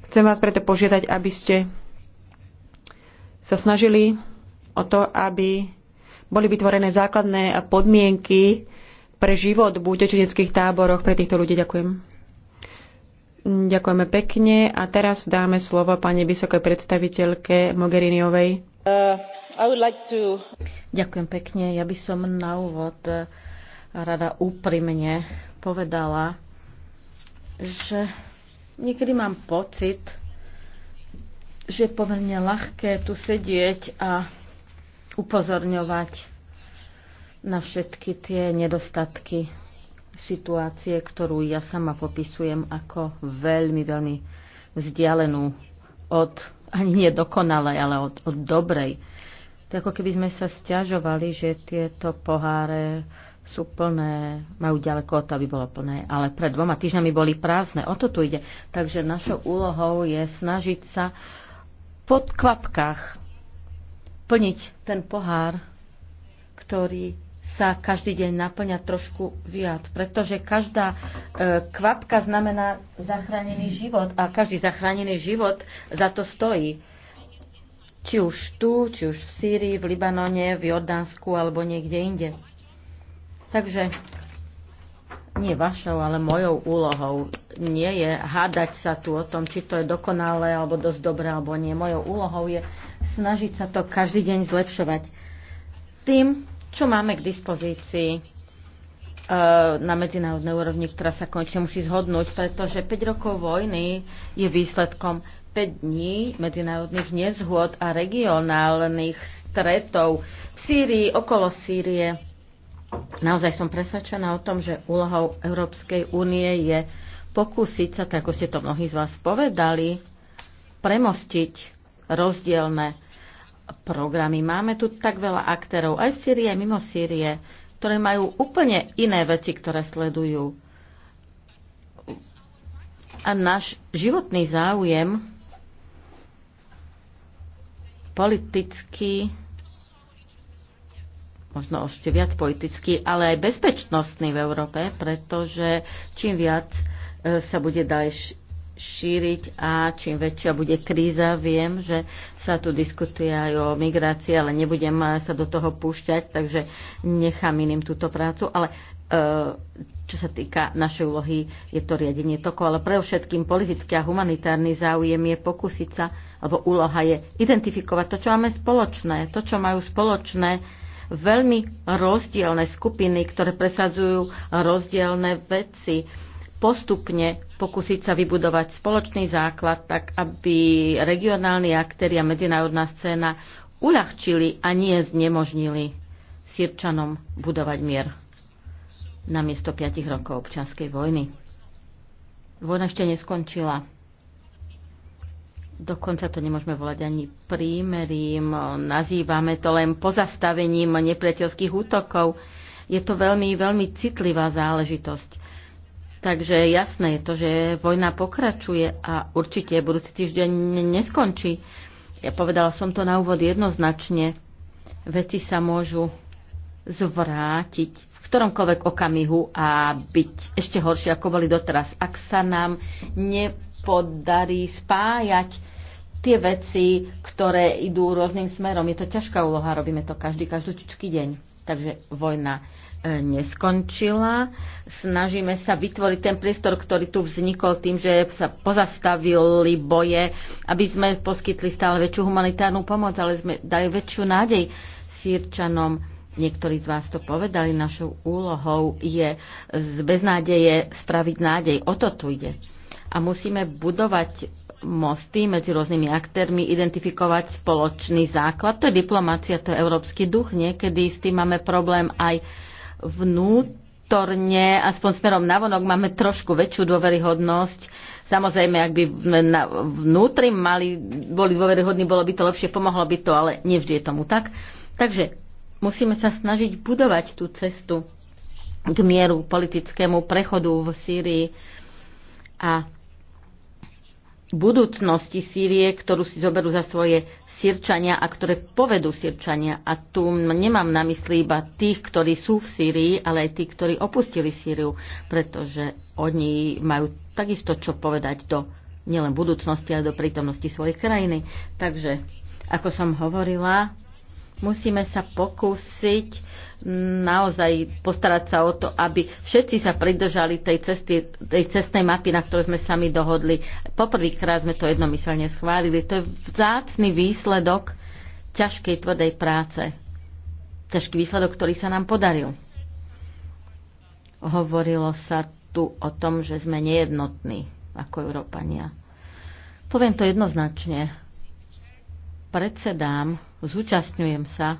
Chcem vás preto požiadať, aby ste sa snažili o to, aby boli vytvorené základné podmienky pre život v utečeneckých táboroch pre týchto ľudí. Ďakujem. Ďakujeme pekne a teraz dáme slovo pani vysokej predstaviteľke Mogheriniovej. Uh, like to... Ďakujem pekne. Ja by som na úvod uh, rada úprimne povedala, že niekedy mám pocit, že je pomerne ľahké tu sedieť a upozorňovať na všetky tie nedostatky situácie, ktorú ja sama popisujem ako veľmi, veľmi vzdialenú od, ani nie dokonalej, ale od, od dobrej. Tak ako keby sme sa stiažovali, že tieto poháre sú plné, majú ďaleko od to, aby bolo plné, ale pred dvoma týždňami boli prázdne. O to tu ide. Takže našou úlohou je snažiť sa pod kvapkách plniť ten pohár, ktorý sa každý deň naplňa trošku viac, pretože každá e, kvapka znamená zachránený život a každý zachránený život za to stojí. Či už tu, či už v Sýrii, v Libanone, v Jordánsku alebo niekde inde. Takže nie vašou, ale mojou úlohou nie je hádať sa tu o tom, či to je dokonalé alebo dosť dobré alebo nie. Mojou úlohou je snažiť sa to každý deň zlepšovať. Tým, čo máme k dispozícii e, na medzinárodnej úrovni, ktorá sa konečne musí zhodnúť, pretože 5 rokov vojny je výsledkom 5 dní medzinárodných nezhôd a regionálnych stretov v Sýrii, okolo Sýrie. Naozaj som presvedčená o tom, že úlohou Európskej únie je pokúsiť sa, tak ako ste to mnohí z vás povedali, premostiť rozdielne programy. Máme tu tak veľa aktérov aj v Sýrii, aj mimo Sýrie, ktoré majú úplne iné veci, ktoré sledujú. A náš životný záujem politicky, možno ešte viac politicky, ale aj bezpečnostný v Európe, pretože čím viac e, sa bude dať šíriť a čím väčšia bude kríza, viem, že sa tu diskutuje aj o migrácii, ale nebudem sa do toho púšťať, takže nechám iným túto prácu. Ale e, čo sa týka našej úlohy, je to riadenie toko, ale pre všetkým politický a humanitárny záujem je pokúsiť sa, alebo úloha je identifikovať to, čo máme spoločné, to, čo majú spoločné veľmi rozdielne skupiny, ktoré presadzujú rozdielne veci postupne pokúsiť sa vybudovať spoločný základ, tak aby regionálni aktéri a medzinárodná scéna uľahčili a nie znemožnili Sirčanom budovať mier na miesto 5 rokov občianskej vojny. Vojna ešte neskončila. Dokonca to nemôžeme volať ani prímerím. Nazývame to len pozastavením nepriateľských útokov. Je to veľmi, veľmi citlivá záležitosť Takže jasné je to, že vojna pokračuje a určite budúci týždeň neskončí. Ja povedala som to na úvod jednoznačne. Veci sa môžu zvrátiť v ktoromkoľvek okamihu a byť ešte horšie, ako boli doteraz. Ak sa nám nepodarí spájať tie veci, ktoré idú rôznym smerom, je to ťažká úloha, robíme to každý, každúčičký deň. Takže vojna E, neskončila. Snažíme sa vytvoriť ten priestor, ktorý tu vznikol tým, že sa pozastavili boje, aby sme poskytli stále väčšiu humanitárnu pomoc, ale sme dali väčšiu nádej sírčanom. Niektorí z vás to povedali, našou úlohou je z beznádeje spraviť nádej. O to tu ide. A musíme budovať mosty medzi rôznymi aktérmi, identifikovať spoločný základ. To je diplomácia, to je európsky duch. Niekedy s tým máme problém aj vnútorne, aspoň smerom navonok, máme trošku väčšiu dôveryhodnosť. Samozrejme, ak by vnútri mali, boli dôveryhodní, bolo by to lepšie, pomohlo by to, ale nevždy je tomu tak. Takže musíme sa snažiť budovať tú cestu k mieru politickému prechodu v Sýrii a budúcnosti Sýrie, ktorú si zoberú za svoje Sirčania a ktoré povedú Sirčania. A tu nemám na mysli iba tých, ktorí sú v Sýrii, ale aj tí, ktorí opustili Sýriu, pretože oni majú takisto čo povedať do nielen budúcnosti, ale do prítomnosti svojej krajiny. Takže, ako som hovorila, musíme sa pokúsiť naozaj postarať sa o to, aby všetci sa pridržali tej, cesty, tej cestnej mapy, na ktorú sme sami dohodli. Poprvýkrát sme to jednomyselne schválili. To je vzácný výsledok ťažkej, tvrdej práce. Ťažký výsledok, ktorý sa nám podaril. Hovorilo sa tu o tom, že sme nejednotní ako Európania. Poviem to jednoznačne. Predsedám Zúčastňujem sa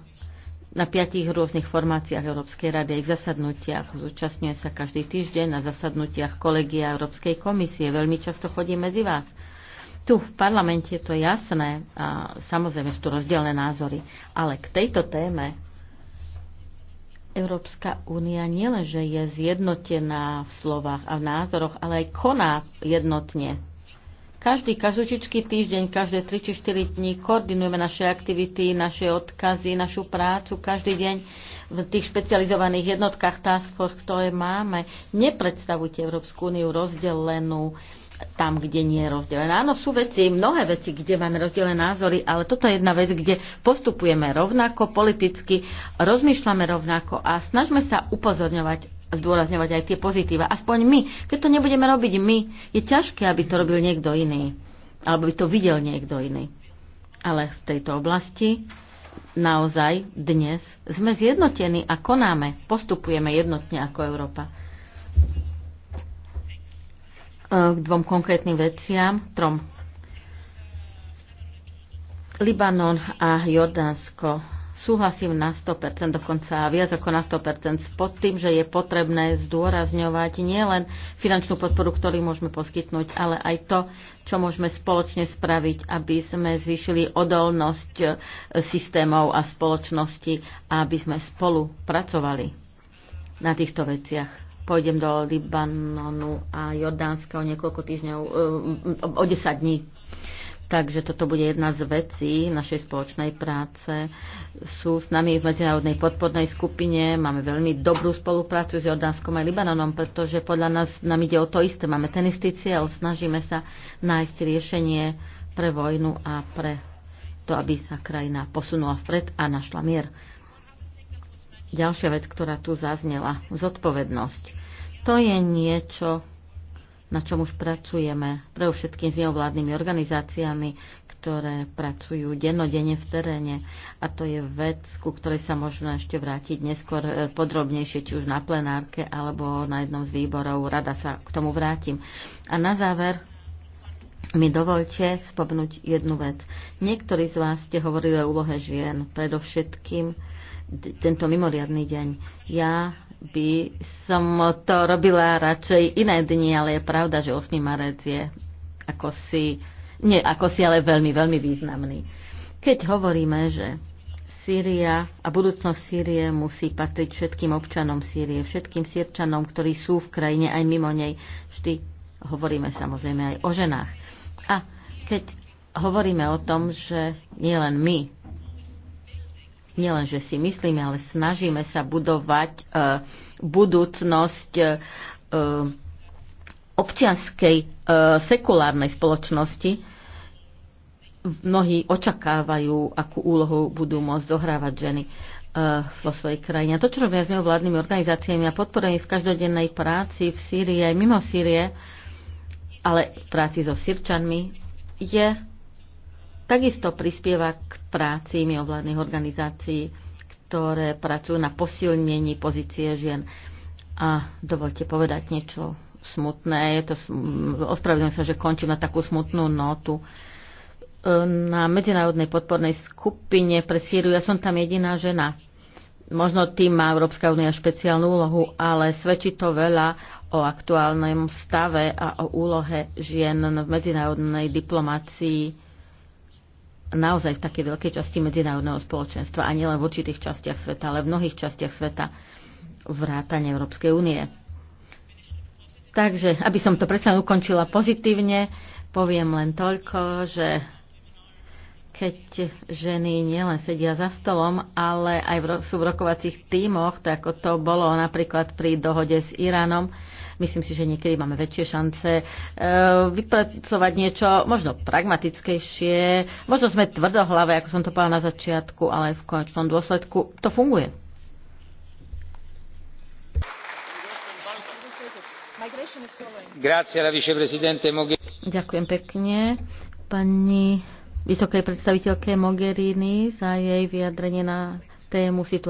na piatich rôznych formáciách Európskej rady a ich zasadnutiach. Zúčastňuje sa každý týždeň na zasadnutiach kolegia Európskej komisie. Veľmi často chodí medzi vás. Tu v parlamente je to jasné a samozrejme sú tu rozdielne názory. Ale k tejto téme Európska únia nielenže je zjednotená v slovách a v názoroch, ale aj koná jednotne každý kažučičký týždeň, každé 3 či 4 dní koordinujeme naše aktivity, naše odkazy, našu prácu každý deň v tých špecializovaných jednotkách Task Force, ktoré máme. Nepredstavujte Európsku úniu rozdelenú tam, kde nie je rozdelená. Áno, sú veci, mnohé veci, kde máme rozdelené názory, ale toto je jedna vec, kde postupujeme rovnako politicky, rozmýšľame rovnako a snažme sa upozorňovať zdôrazňovať aj tie pozitíva. Aspoň my. Keď to nebudeme robiť my, je ťažké, aby to robil niekto iný. Alebo by to videl niekto iný. Ale v tejto oblasti naozaj dnes sme zjednotení a konáme, postupujeme jednotne ako Európa. K dvom konkrétnym veciam, trom. Libanon a Jordánsko Súhlasím na 100%, dokonca viac ako na 100%, pod tým, že je potrebné zdôrazňovať nielen finančnú podporu, ktorú môžeme poskytnúť, ale aj to, čo môžeme spoločne spraviť, aby sme zvýšili odolnosť e, systémov a spoločnosti a aby sme spolu pracovali na týchto veciach pôjdem do Libanonu a Jordánska o niekoľko týždňov, e, o 10 dní. Takže toto bude jedna z vecí našej spoločnej práce. Sú s nami v medzinárodnej podpornej skupine, máme veľmi dobrú spoluprácu s Jordánskom a Libanonom, pretože podľa nás nám ide o to isté. Máme ten istý cieľ, snažíme sa nájsť riešenie pre vojnu a pre to, aby sa krajina posunula vpred a našla mier. Ďalšia vec, ktorá tu zaznela, zodpovednosť. To je niečo, na čom už pracujeme, pre všetkým s neovládnymi organizáciami, ktoré pracujú dennodenne v teréne. A to je vec, ku ktorej sa možno ešte vrátiť neskôr e, podrobnejšie, či už na plenárke alebo na jednom z výborov. Rada sa k tomu vrátim. A na záver mi dovolte spomnúť jednu vec. Niektorí z vás ste hovorili o úlohe žien, predovšetkým tento mimoriadný deň. Ja by som to robila radšej iné dni, ale je pravda, že 8. marec je ako si, nie ako si, ale veľmi, veľmi významný. Keď hovoríme, že Sýria a budúcnosť Sýrie musí patriť všetkým občanom Sýrie, všetkým Sýrčanom, ktorí sú v krajine aj mimo nej. Vždy hovoríme samozrejme aj o ženách. A keď hovoríme o tom, že nielen my nielen, že si myslíme, ale snažíme sa budovať e, budúcnosť e, e, občianskej sekulárnej spoločnosti, mnohí očakávajú, akú úlohu budú môcť zohrávať ženy vo svojej krajine. A to, čo robia s mimovládnymi organizáciami a podporení v každodennej práci v Sýrii aj mimo Sýrie, ale v práci so Sýrčanmi, je takisto prispieva k práci mimovládnych organizácií, ktoré pracujú na posilnení pozície žien. A dovolte povedať niečo smutné. Je to, ospravedlňujem sa, že končím na takú smutnú notu. E, na medzinárodnej podpornej skupine pre Sýriu ja som tam jediná žena. Možno tým má Európska únia špeciálnu úlohu, ale svedčí to veľa o aktuálnom stave a o úlohe žien v medzinárodnej diplomácii naozaj v takej veľkej časti medzinárodného spoločenstva a nielen v určitých častiach sveta, ale v mnohých častiach sveta vrátane Európskej únie. Takže, aby som to predsa ukončila pozitívne, poviem len toľko, že keď ženy nielen sedia za stolom, ale aj v, sú v rokovacích tímoch, tak ako to bolo napríklad pri dohode s Iránom, Myslím si, že niekedy máme väčšie šance eh, vypracovať niečo možno pragmatickejšie, možno sme tvrdohlave, ako som to povedala na začiatku, ale v konečnom dôsledku to funguje. Ďakujem pekne pani vysokej predstaviteľke Mogherini za jej vyjadrenie na tému situácie.